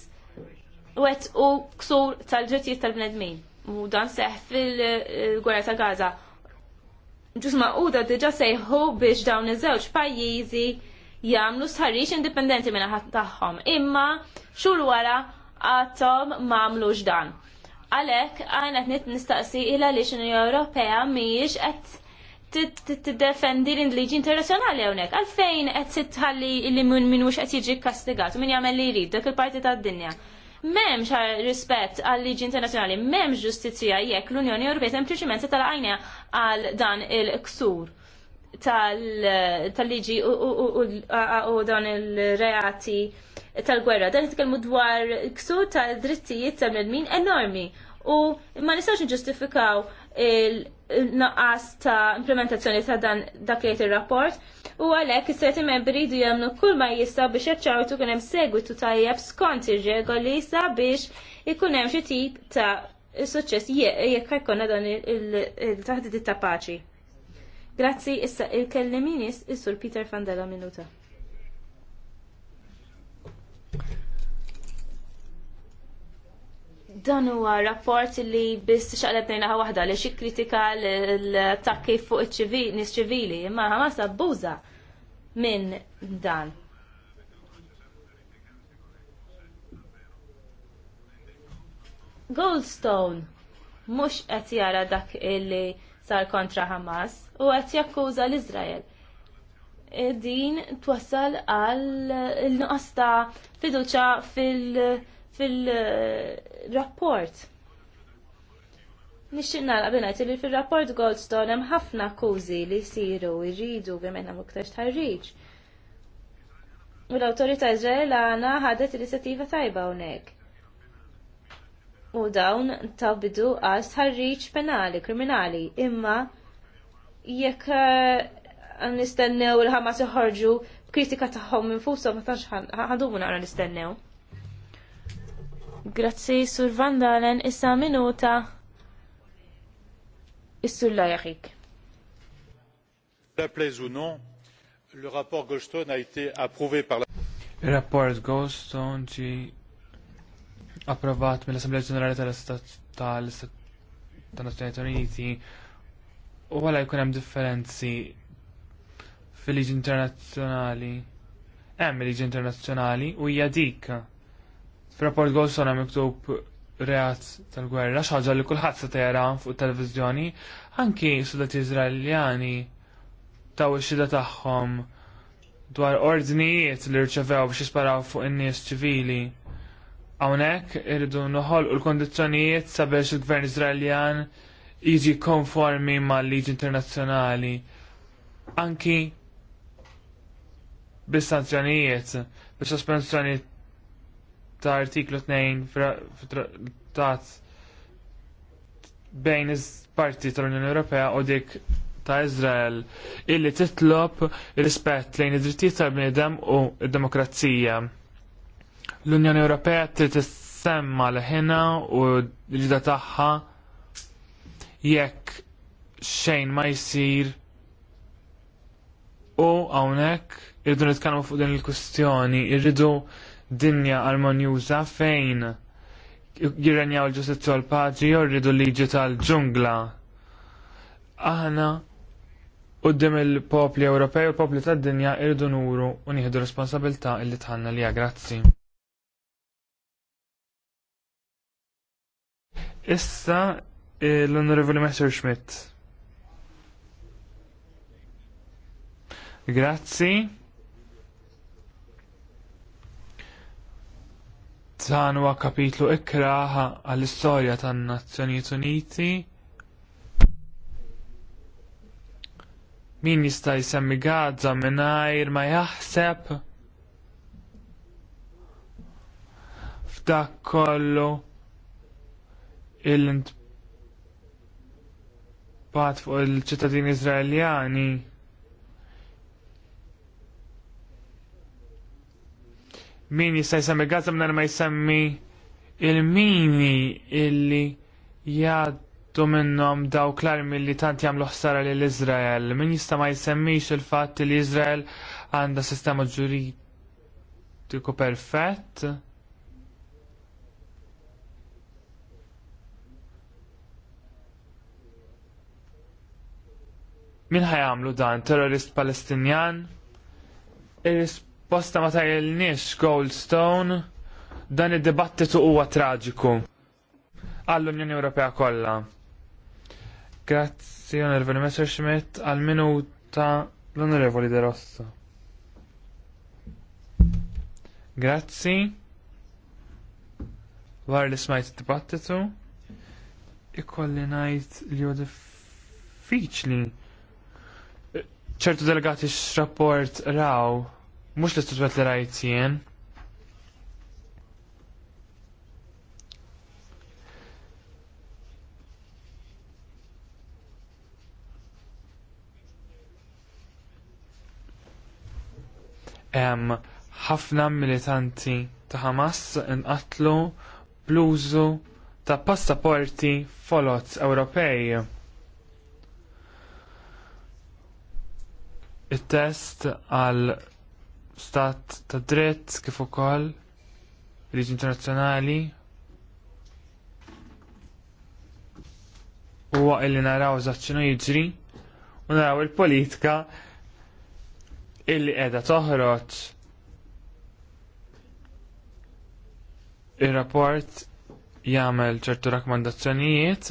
għet u ksur tal-ġetijiet tal-bnedmin. U dan seħ fil-gwerra ta' Gaza. Ġusma u da diġa sejħu biex dawn iż-żewġ pajjiżi jagħmlu sħarriġ indipendenti minna ħadd tagħhom. Imma xur wara għadhom m'għamlux dan. Għalhekk għajna nit nistaqsi illa li xinu unjoni Ewropea mhijiex qed t-defendi l-indliġi internazjonali għonek. Għalfejn għet t-tħalli li minn minn mux għet jġi kastigat, minn jgħamil li jrid, dak il-parti ta' d-dinja. M'hemmx eh, rispett għal liġi internazzjonali, m'hemmx ġustizija jekk l-Unjoni Ewropea sempliċiment se tal għajna għal dan il-ksur eh, tal-liġi u dan il-reati tal-gwerra. Dan jitkellmu dwar ksur tal-drittijiet tal-medmin enormi u ma nistax ġustifikaw il- naqas ta' implementazzjoni ta' dan dak li rapport u għalhekk is-seti membri jdu jagħmlu kull ma jista' biex jaċċartu kien hemm segwitu tajjeb skont ir-regoli sabiex ikun hemm xi tip ta' suċċess jekk jkollna dan il-taħdid ta' paċi. Grazzi issa il-kelliminis is-sur Peter Fandela minuta. Dan huwa rapport li biss xaqleb nejnaħa waħda li xie kritika l-attakki fuq iċ-ċivili, nies ċivili, imma Hamas abbuża minn dan. Goldstone mhux qed jara dak illi sar kontra Hamas u qed jakkuża l-Iżrael. Din twassal għal il-nuqqas ta' fiduċa fil- fil-rapport. Nixtieq nagħlaq bingħid li fir-rapport Goldstone hemm ħafna akkużi li jsiru jridu ovvjament hemm iktar tħarriġ. U l-awtorità Iżraelana ħadet inizjattiva tajba hawnhekk. U dawn ta' bidu għal tħarriġ penali, kriminali, imma jekk eh, nistennew il-ħamas iħorġu kritika tagħhom infushom ma tantx ħadhom nara nistennew. Grazzi, Sur Van Dalen, issa minuta. Issur sur Lajahik. plaise ou non, le rapport Goldstone a été approuvé par la... Il rapport Goldstone ġi approvat mill-Assemblea Ġenerali tal-Nazzjonijiet Uniti u għala jkun hemm differenzi fil-liġi internazzjonali eh, hemm il-liġi internazzjonali u hija dik F'rapport Golsona miktub reat tal-gwerra, xaġa li kullħat se tera fuq televizjoni, anki sudati Izraeljani taw ix-xida tagħhom dwar ordnijiet li rċevew biex jisparaw fuq in-nies ċivili. Hawnhekk irridu noħolqu l-kondizzjonijiet sabiex il-Gvern Izraeljan jiġi konformi mal-liġi internazzjonali. Anki bis-sanzjonijiet, bis-sospensjonijiet ta' artiklu 2 tat bejn iż-parti tal-Unjoni Ewropea u dik ta' Izrael illi titlob rispett lejn id-drittijiet tal-bniedem u d-demokrazija. L-Unjoni Ewropea trid tissemma l-ħina u l-ġida tagħha jekk xejn ma jsir u hawnhekk irridu nitkellmu fuq din il-kwistjoni, irridu il dinja armonjuża fejn jirrenjaw l ġustizzja l paċi jorridu liġi tal-ġungla. Aħna Uddim il-popli Ewropej u l-popli tad dinja irridu nuru u nieħdu responsabilità illi tħanna liha grazzi. Issa eh, l-Onorevoli Messer Schmidt. Grazzi. Dan huwa kapitlu ikra għall-istorja tan-Nazzjonijiet Uniti. Min jista' jsemmi Gaza mingħajr ma jaħseb f'dak kollu il-intbat fuq il-ċittadini Iżraeljani. min jista' jsemmi gazzam nar ma jsemmi il-mini illi jaddu minnhom dawk l-armi li tant jagħmlu ħsara lil Iżrael. Min jista' ma jsemmix il-fatt li l-Izrael għandha sistema ġuridiku perfett. Min ħajamlu dan? Terrorist Palestinjan? Il-risp Posta ma tajlniex Goldstone, dan id-dibattitu huwa traġiku. Għall-Unjoni Ewropea kollha. Grazzi Onorevoli Schmidt, għal minuta l-Onorevoli De Rosso. Grazzi. Wara li smajt id-dibattitu. Ikolli ngħid li hu diffiċli ċertu delegati x-rapport raw mhux li istituzzjoni li rajt jien. Hemm ħafna militanti ta' Hamas inqatlu bluzu ta' passaporti folot Ewropej. it-test għal stat ta' dritt kif ukoll liġi internazzjonali huwa illi naraw eżatt jiġri u naraw il-politika illi qiegħda toħroġ ir-rapport jagħmel ċertu rakkomandazzjonijiet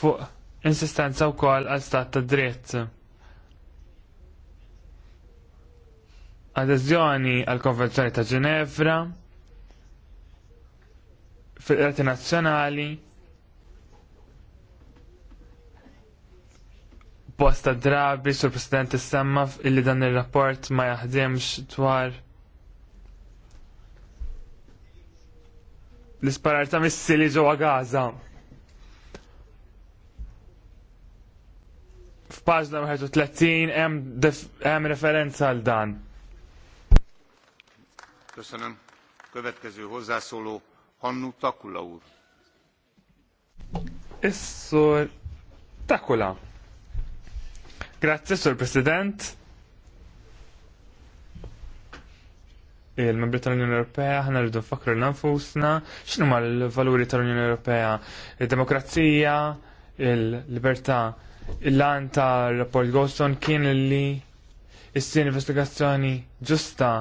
fuq insistenza wkoll għal stat ta' dritt. adeżjoni għal konvenzjoni ta' Ġenevra fil-qrati nazzjonali bosta drabi sur president semma illi dan il-rapport ma jaħdimx dwar l-isparar ta' missili ġewwa Gaza. F'paġna 31 hemm referenza għal dan. Köszönöm. Következő hozzászóló Hannu Takula úr. Takula. Grazie, sur President. il-membri tal-Unjoni Ewropea ħana rridu nfakru l-anfusna, x'inhu l-valuri tal-Unjoni Ewropea, id-demokrazija, il-libertà. Il-lan tar rapport Goldstone kien li issir investigazzjoni ġusta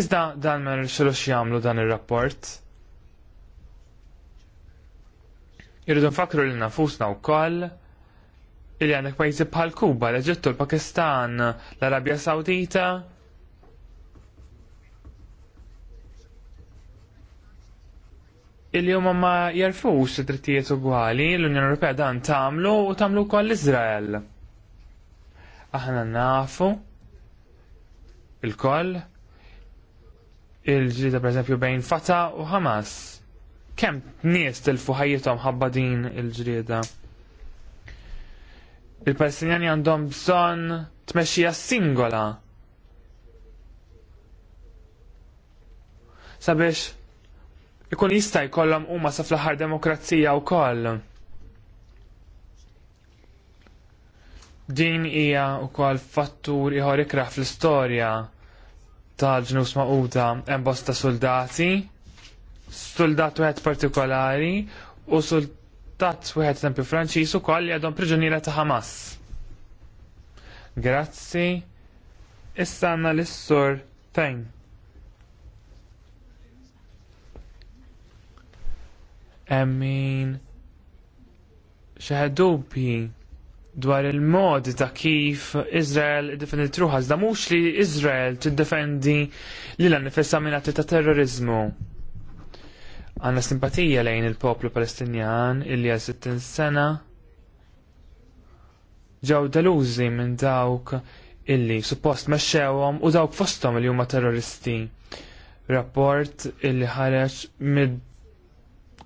Iżda dan ma nirxilux jagħmlu dan ir-rapport. Irridu nfakru li nafusna wkoll li għandek pajjiżi bħal Kuba, l-Eġittu, l-Pakistan, l-Arabja Sawdita. Illi huma ma jarfux id-drittijiet ugwali l-Unjoni Ewropea dan tagħmlu u tagħmlu wkoll l-Iżrael. Aħna nafu il-koll il-ġlida per bejn Fata u Hamas. Kemm nies tilfu ħajjithom ħabba din il-ġlieda. Il-Palestinjani għandhom bżonn tmexxija singola sabiex ikun jista' jkollhom huma sa fl-aħħar demokrazija wkoll. Din hija wkoll fattur ieħor ikraħ fl-istorja ta' ġnus ma'uda hemm bosta soldati, soldat wieħed partikolari u soldat wieħed tempju Franċiż ukoll li għadhom priġuniera ta' Hamas. Grazzi. Issa għandna l-issur fejn. Emmin xi dubi dwar il-mod ta' kif Izrael defendi ruħa, da mhux li Izrael tiddefendi li l nifessa minnati ta' terrorizmu. Għanna simpatija lejn il-poplu palestinjan illi għal 60 sena ġew delużi minn dawk illi suppost mexxewhom u dawk fosthom li huma terroristi. Rapport illi ħareġ mid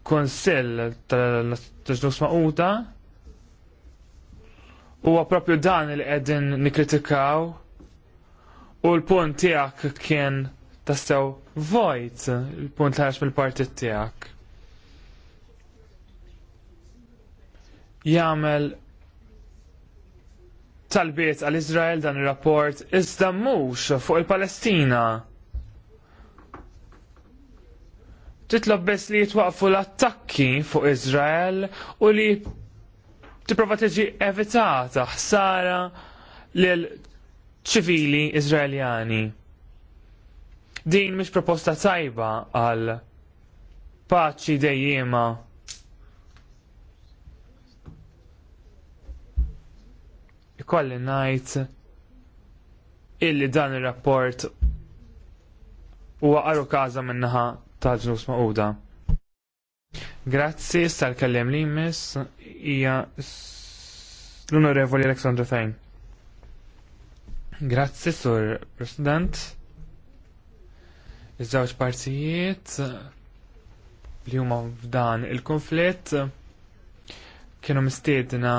konsil tal-Ġnus Maquta huwa propju dan li qegħdin nikkritikaw u l-punt tiegħek kien tassew vojt il-punt ħarġ mill-partit tiegħek. Jagħmel talbiet għal Izrael dan ir-rapport iżda mhux fuq il-Palestina. Titlob biss li jitwaqfu l-attakki fuq Izrael u li tipprova tiġi evitata ħsara lil ċivili Izraeljani. Din mhix proposta tajba għal paċi dejjema. Ikolli ngħid illi dan ir-rapport huwa qaru każa min-naħa tal-ġnus maquda. Grazzi, sal-kellem li jmiss l-Onorevoli Aleksandra Fejn. Grazzi, Sur President. Iż-żewġ partijiet li huma f'dan il-konflitt kienu mistiedna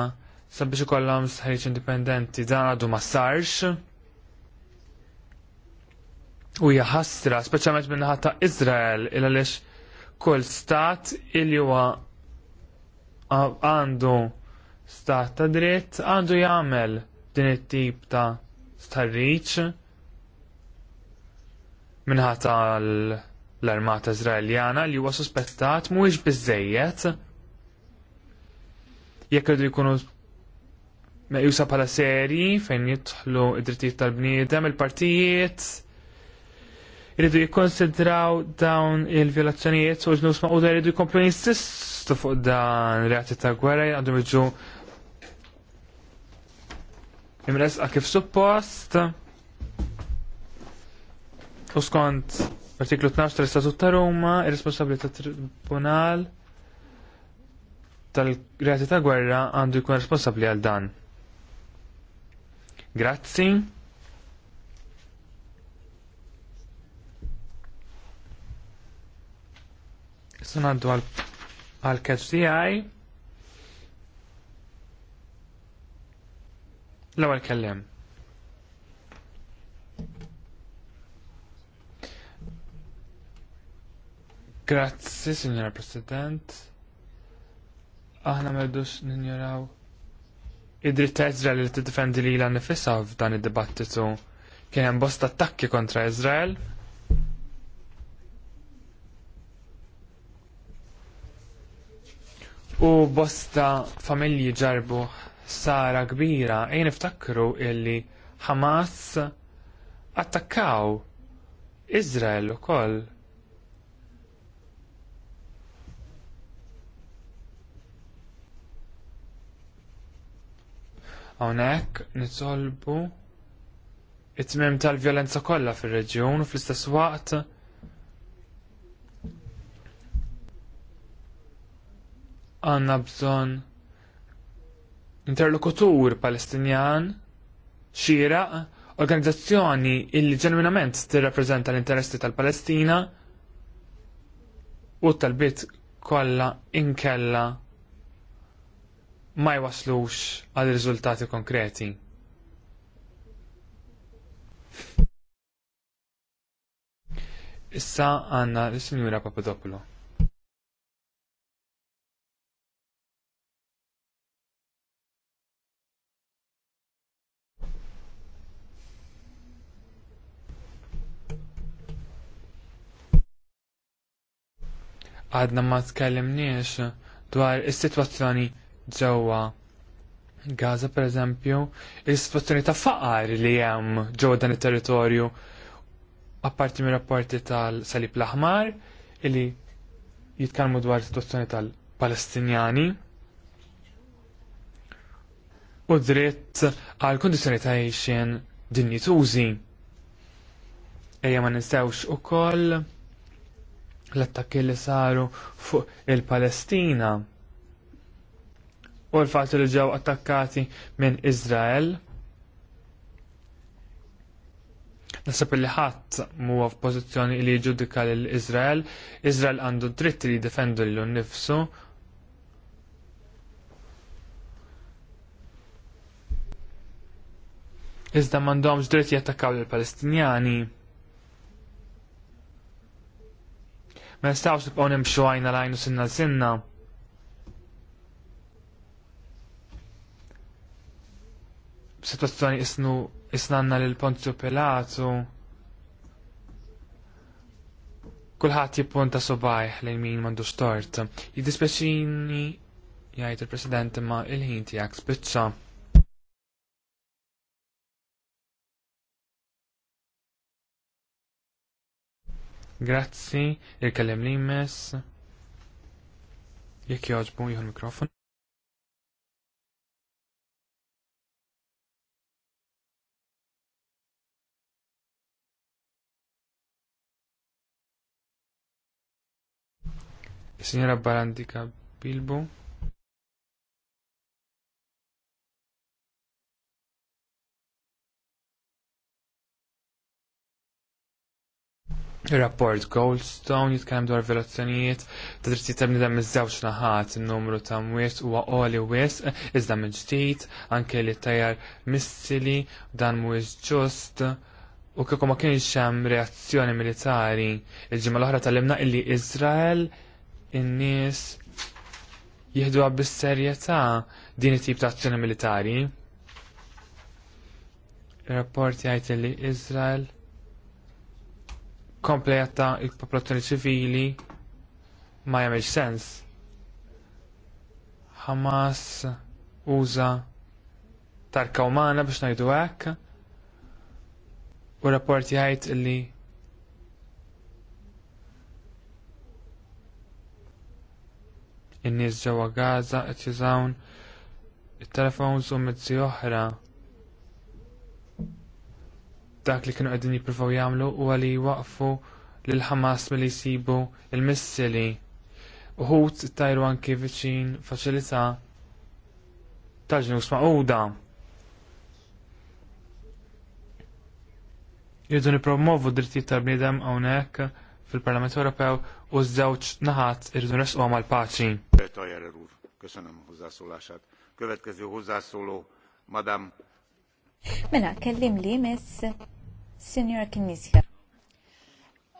sabiex ikollhom sħariġ indipendenti dan għadu ma sarx. U hija ħasra, speċjalment minn ta' Iżrael il għaliex kull stat il huwa għandu stat ta' dritt għandu jagħmel din it-tip ta' starriċ minħata l-armata Izraeljana li huwa suspettat mhuwiex biżejjed jekk irdu jkunu meqjusa bħala serji fejn jidħlu id-drittijiet tal-bniedem il-partijiet iridu jikkonsidraw dawn il-violazzjonijiet u ġnus ma' uda iridu jkomplu jinsistu fuq dan reati ta' gwerra għandhom iġu imresqa kif suppost u skont artiklu 12 tal-Istatut ta' Roma ir-responsabli ta' tribunal tal-reati ta' gwerra għandu jkun responsabli għal dan. Grazzi. Sanaddu għal-catch di għaj. l għal kellem. Grazzi, Signora President. Aħna meddux ninjoraw id-dritta Izrael li t-defendi li l-għan f'dan id-dibattitu kien hemm bosta attakki kontra Izrael u bosta familji ġarbu sara kbira jien iftakru illi Hamas attakkaw Izrael ukoll. Hawnhekk nitolbu it-tmiem tal-vjolenza kollha fir-reġjun u fl-istess waqt għanna bżon interlokutur palestinjan, xira, organizzazzjoni illi ġenwinament tirrappreżenta l-interessi tal-Palestina u tal-bit kolla inkella ma jwaslux għal riżultati konkreti. Issa għanna l signora Papadopoulos. għadna ma tkellimniex dwar is-sitwazzjoni ġewwa Gaza per eżempju, il-sitwazzjoni ta' faqar li hemm ġewwa dan it-territorju apparti mir rapporti tal-Salib l-Aħmar illi jitkellmu dwar is-sitwazzjoni tal-Palestinjani u dritt għal kundizzjoni ta' jxien dinjitużi. Ejja ma nistgħux ukoll l-attakki li saru fuq il-Palestina u l-fatt li ġew attakkati minn Izrael. Nasab li ħadd huwa f'pożizzjoni li jġudika lil Izrael, Izrael għandu dritt li jiddefendu lilu nnifsu Iżda m'għandhomx dritt jattakkaw lill palestinjani Ma nistawx nibqgħu nimxu għajna lajnu sinna sinna. Situazzjoni isnu isnanna lil Ponzio Pilatu. Kulħadd jippunta subajh lejn min m'għandux tort. Jiddispjaċini jgħid il-President imma il-ħin tiegħek spiċċa. Grazzi, il-kellem l-immes. Jek jogħġbu jħu l-mikrofon. Signora Barandika Bilbo. Il-rapport Goldstone jitkellem dwar velozzjonijiet ta' drittijiet ta' bniedem iż-żewġ naħat in-numru ta' mwies huwa qoli wisq iżda mill-ġdid anke li tajjar missili dan mhuwiex ġust u kieku ma kienx hemm reazzjoni militari il-ġimgħa l-oħra tal-imna illi Iżrael in-nies jieħduha bis-serjetà din it-tip ta' azzjoni militari. Il-rapport jgħid li Iżrael kompleta il-popolazzjoni ċivili ma jagħmilx sens. Hamas uża tarka umana biex ngħidu hekk u rapporti jgħid li in-nies ġewwa Gaza qed jużawn it-telefons u mezzi oħra dak li kienu qegħdin jippruvaw jagħmlu u li waqfu lil ħamas milli jsibu il missili Uħut tajru anki viċin faċilità taġni u maquda. Jridu nipromovu drittijiet tal-bniedem hawnhekk fil-Parlament Ewropew u ż-żewġ naħat irridu nresquhom għamal paċi. Köszönöm hozzászólását. Következő hozzászóló, madam. Mela, kellim li mes senior Kinnisja.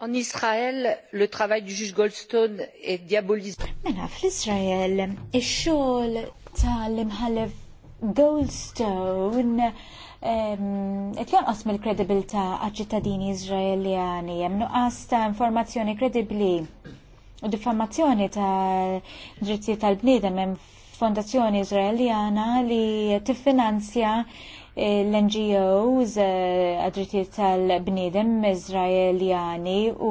En Israël, le travail du juge Goldstone est diabolisé. Mela, fl-Israël, il-xol tal-imħallef Goldstone Et jonqos mill-kredibilità għal-ċittadini Izraeljani, hemm nuqqas ta' informazzjoni kredibbli u diffamazzjoni ta' drittijiet tal-bniedem hemm fondazzjoni Izraeljana li tiffinanzja l-NGOs eh, għadritiet tal-bnidem Izraeljani u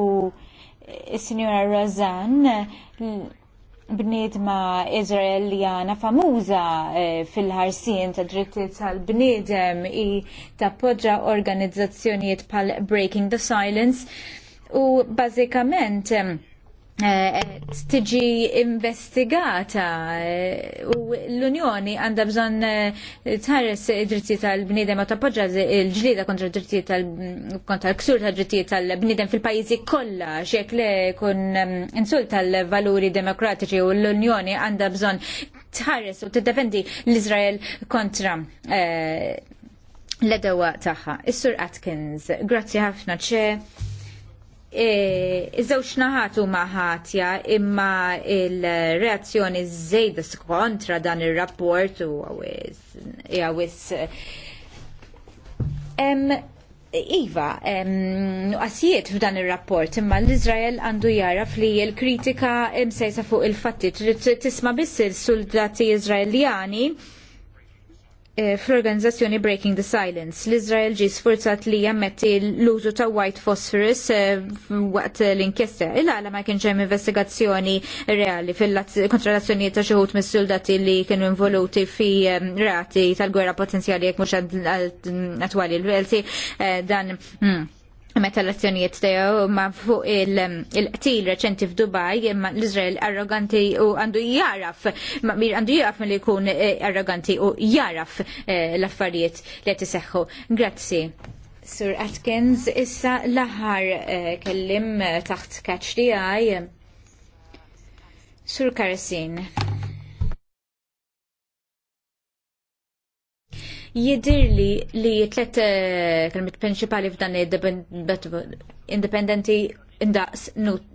s-Sinjora Razan bnidma Izraeljana famuża eh, fil-ħarsien ta' drittijiet tal-bniedem i podra organizzazzjonijiet pal Breaking the Silence u bażikament eh, Eh, tiġi investigata eh, u l-Unjoni għandha bżonn eh, tħares id-drittijiet tal-bniedem u poġġa l-ġlieda kontra d-drittijiet kontra l-ksur ta' drittijiet tal-bniedem fil pajizi kollha xiek li kun insult tal-valuri demokratiċi u l-Unjoni għandha bżonn tħares u tiddefendi l izrael kontra l edawa tagħha. Is-Sur Atkins, grazzi ħafna ċe. Eh, iż-żewġ naħat huma ħatja imma il-reazzjoni żejda kontra dan ir-rapport u għawis Iva, għasijiet f'dan ir-rapport imma l-Izrael għandu jara fli l-kritika msejsa fuq il-fatti trid tisma' biss il-soldati Izraeljani Eh, fl-organizzazzjoni Breaking the Silence. L-Izrael ġi sforzat li jammetti l-użu ta' white phosphorus eh, waqt l-inkjesta. Il-għala ma kienx hemm investigazzjoni reali fil l-azzjonijiet ta' xi mis-soldati li kienu involuti fi eh, reati tal-gwerra potenzjali jekk mhux attwali l-velti dan. Hmm meta l-azzjonijiet tiegħu ma fuq il-qtil reċenti f'Dubaj imma l-Iżrael arroganti u għandu jaraf għandu jaraf li jkun eh, arroganti u jaraf eh, l-affarijiet li qed iseħħu. Grazzi. Sur Atkins, issa l-aħħar eh, kellim taħt kaċ li Sur Karasin. jidirli li tlet eh, kelmet prinċipali f'dan id indipendenti indaqs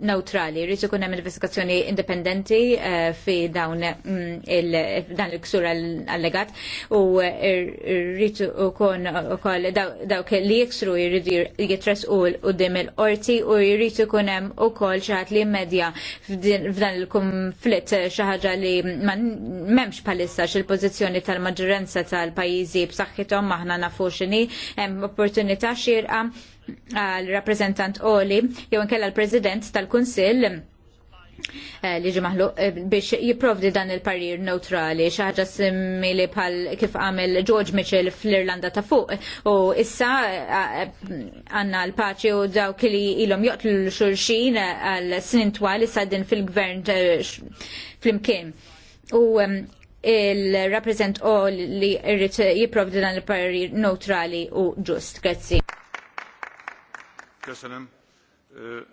neutrali, rrit ikun hemm investigazzjoni indipendenti eh, fi dawn mm, dan il-ksur allegat u rrit ikun ukoll dawk li jiksru jridu jitresqu qudiem il-qorti u rrit ikun hemm ukoll xi ħadd li medja f'dan il-konflitt xi ħaġa li m'hemmx bħalissa x'il-pożizzjoni tal-maġġoranza tal-pajjiżi b'saħħithom aħna nafu x'inhi hemm opportunità xierqa għal-rappresentant Oli, jew nkella l-President tal-Kunsill eh, li ġimaħlu eh, biex jiprovdi dan il-parir neutrali xaħġa simili pal kif għamil George Mitchell fl-Irlanda ta' fuq u issa eh, għanna l-paċi u dawk li ilom joqtlu xurxin għal snin twal issa din fil-gvern fl-imkien. U il-rappresent o li jiprovdi dan il-parir neutrali u ġust. Grazie. Köszönöm.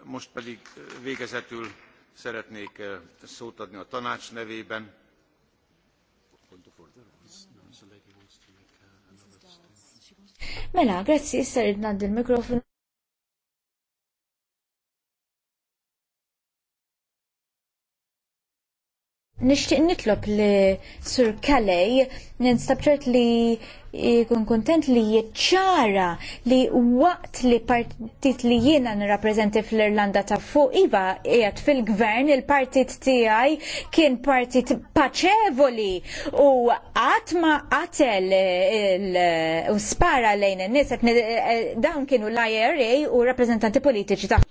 Most pedig végezetül szeretnék szót adni a tanács nevében. Mela, grazzi, issa Nixtieq nitlob li Sir Kalej ninstabċert li jkun kontent li jiċċara li waqt li partit li jiena nirrappreżenti fl-Irlanda ta' fuq iva qiegħed fil-gvern il-partit tiegħi kien partit paċevoli u qatt ma qatel u spara lejn in-nies eh, dawn kienu l-IRA u rappreżentanti politiċi ta'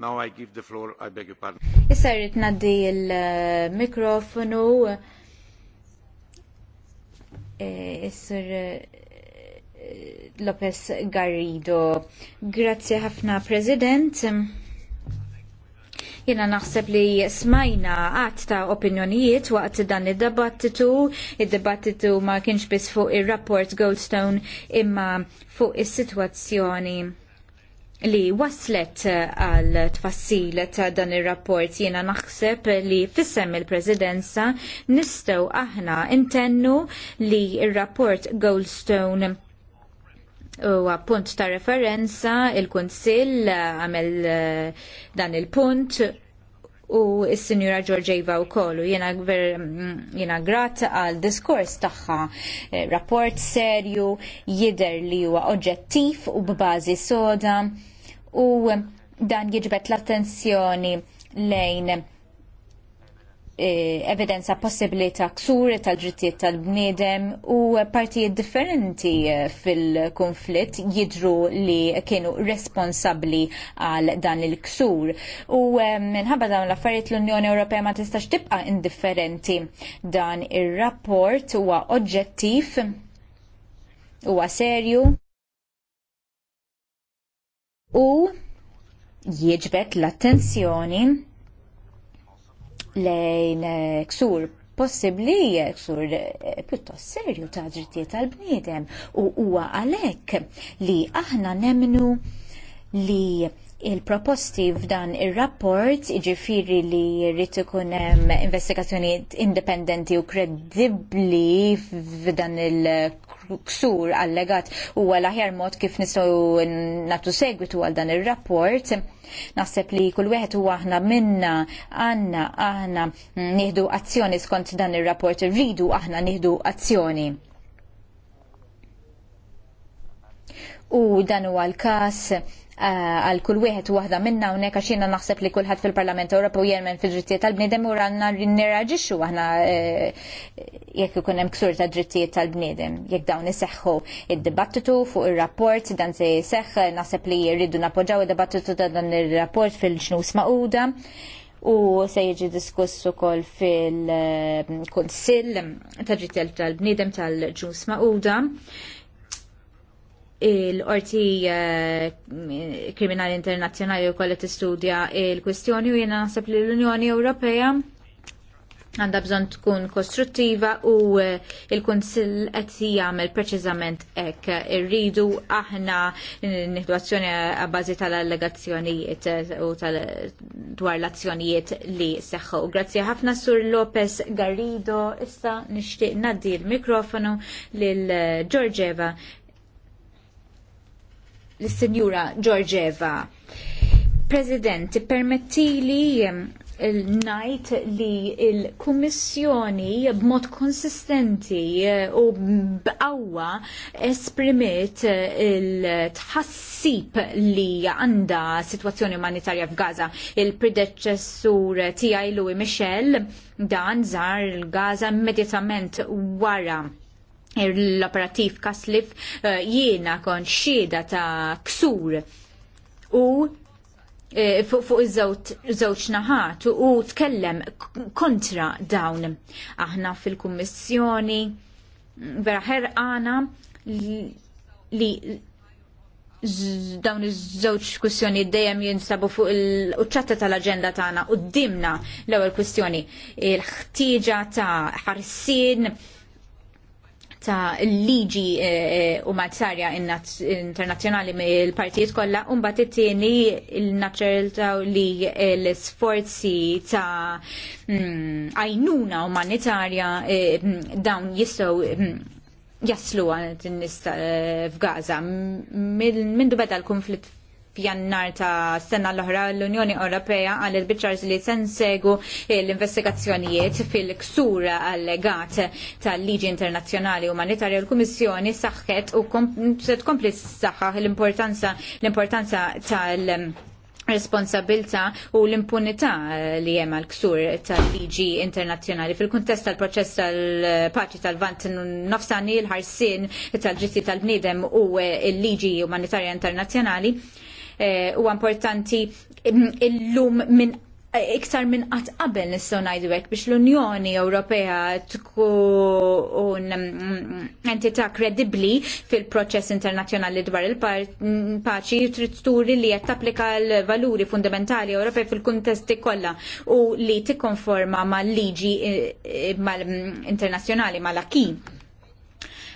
Now I give the floor, I beg your pardon. Issa rrit naddi il-mikrofonu. Issir eh, eh, Lopez Garrido. Grazie ħafna, President. Jena naħseb li smajna għat ta' opinjonijiet waqt dan id debattitu id debattitu ma kienx bis fuq il-rapport Goldstone imma fuq is-sitwazzjoni li waslet eh, għal tfassil ta' dan ir-rapport jiena naħseb li fissem il-Presidenza nistgħu aħna intennu li il rapport Goldstone u punt ta' referenza il-Kunsill għamel eh, dan il-punt u s-Sinjura Georgieva u kollu. Jena, jena grat għal diskors taħħa eh, rapport serju, jider li huwa oġġettiv u b'bażi soda u eh, dan jiġbet l-attenzjoni lejn Eh, evidenza possibbli ta' ksur tal-drittijiet tal-bniedem u partijiet differenti eh, fil-konflitt jidru li kienu responsabbli għal dan il-ksur. U eh, minħabba dawn l-affarijiet l-Unjoni Ewropea ma tistax tibqa' indifferenti dan ir-rapport huwa oġġettiv huwa serju u jieġbet l-attenzjoni lejn eh, ksur possibbli eh, ksur eh, pjuttost serju ta' drittijiet tal-bniedem u huwa għalhekk li aħna nemnu li il-proposti f'dan ir rapport jiġifieri li jrid ikun hemm investigazzjonijiet indipendenti u kredibbli f'dan il- ksur allegat u għal-ħjar mod kif nisu nagħtu segwitu għal dan ir-rapport. Naħseb li kull wieħed u aħna minna għanna aħna nieħdu azzjoni skont dan ir-rapport irridu aħna nieħdu azzjoni. U dan huwa l-każ Eh, għal kull wieħed u waħda minna hawnhekk għax jiena naħseb li kulħadd fil-Parlament Ewropew jemmen fid-drittijiet tal-bniedem u ranna nirraġixxu aħna eh, jekk ikun hemm ksur ta' drittijiet tal-bniedem. Jekk dawn iseħħu id-dibattitu fuq ir-rapport dan se jseħħ naħseb li jridu napoġġaw id-dibattitu ta' dan ir-rapport fil-ġnus maquda u se jiġi diskuss ukoll fil-Kunsill eh, ta' drittijiet tal-bniedem tal ġnus Mauda il-qorti eh, kriminali internazzjonali u kollet istudja il-kwestjoni u jena nasab li l-Unjoni Ewropea għanda bżon tkun kostruttiva u eh, il-Kunsill qed jagħmel preċiżament hekk. Irridu aħna nieħdu azzjoni bażi tal-allegazzjonijiet eh, u tal dwar l-azzjonijiet li seħħu. Grazzi ħafna Sur Lopez Garrido. Issa nixtieq ngħaddi l-mikrofonu lil Giorgeva l-Sinjura Georgieva. President, permettili najt li il-Kummissjoni b'mod konsistenti eh, u b'qawwa esprimiet eh, il-tħassib li għanda situazzjoni umanitarja f'Gaza. Il-predeċessur tijaj Louis Michel dan żar il-Gaza immedjatament wara l-operativ kaslif eh, jiena kon xieda ta' ksur u eh, fuq iż-żewġ naħat u tkellem kontra dawn. Aħna fil-kummissjoni mm, vera ħerqana li dawn iż-żewġ kwistjoni dejjem jinsabu fuq il-ċatta tal-aġenda tagħna qudiemna l-ewwel kwistjoni il-ħtieġa ta' ħarsien ta' liġi eh, u internazjonali internazzjonali mill-partijiet kollha u mbagħad it-tieni naċċertaw li l-sforzi ta' mm, għajnuna umanitarja eh, dawn jistgħu mm, jaslu għan nista eh, f'Gaza Mindu beda l-konflitt f'jannar ta' sena l-oħra l-Unjoni Ewropea għal il-biċars li sensegu l-investigazzjonijiet fil ksur allegat tal-Liġi Internazzjonali Umanitarja l-Kummissjoni saħħet u se tkompli saħħaħ l-importanza tal- responsabilta u l-impunità li hemm għal ksur tal-liġi internazzjonali fil-kuntest tal-proċess tal-paċi tal-vant nofsani l-ħarsin tal-ġitti tal-bnidem u l-liġi umanitarja internazzjonali huwa eh, importanti mm, il-lum minn eh, iktar minn qatt qabel nistgħu ngħidu hekk biex l-Unjoni Ewropea tkun mm, mm, entità kredibbli fil-proċess internazzjonali dwar il-paċi trid turi li qed tapplika l-valuri fundamentali Ewropej fil-kuntesti kollha u li tikkonforma mal-liġi eh, mal-internazzjonali mal-akim.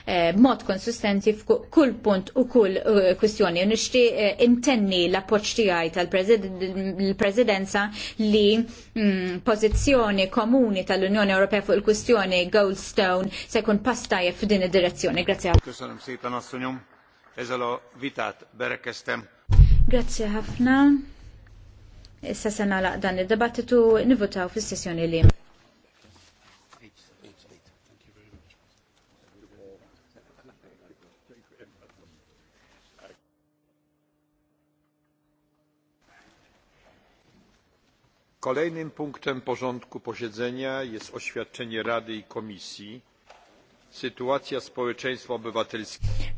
Eh, mod konsistenti f'kull punt u kull eh, kwistjoni. Nixti eh, intenni l-appoċ tiegħi tal-Presidenza li mm, pożizzjoni komuni tal-Unjoni Ewropea fuq il-kwistjoni Goldstone se jkun pastaj f'din id-direzzjoni. Grazie. Köszönöm Grazie ħafna. Issa sena laqdan id-debattitu nivutaw fis-sessjoni li. Kolejnym punktem porządku posiedzenia jest oświadczenie Rady i Komisji Sytuacja społeczeństwa obywatelskiego.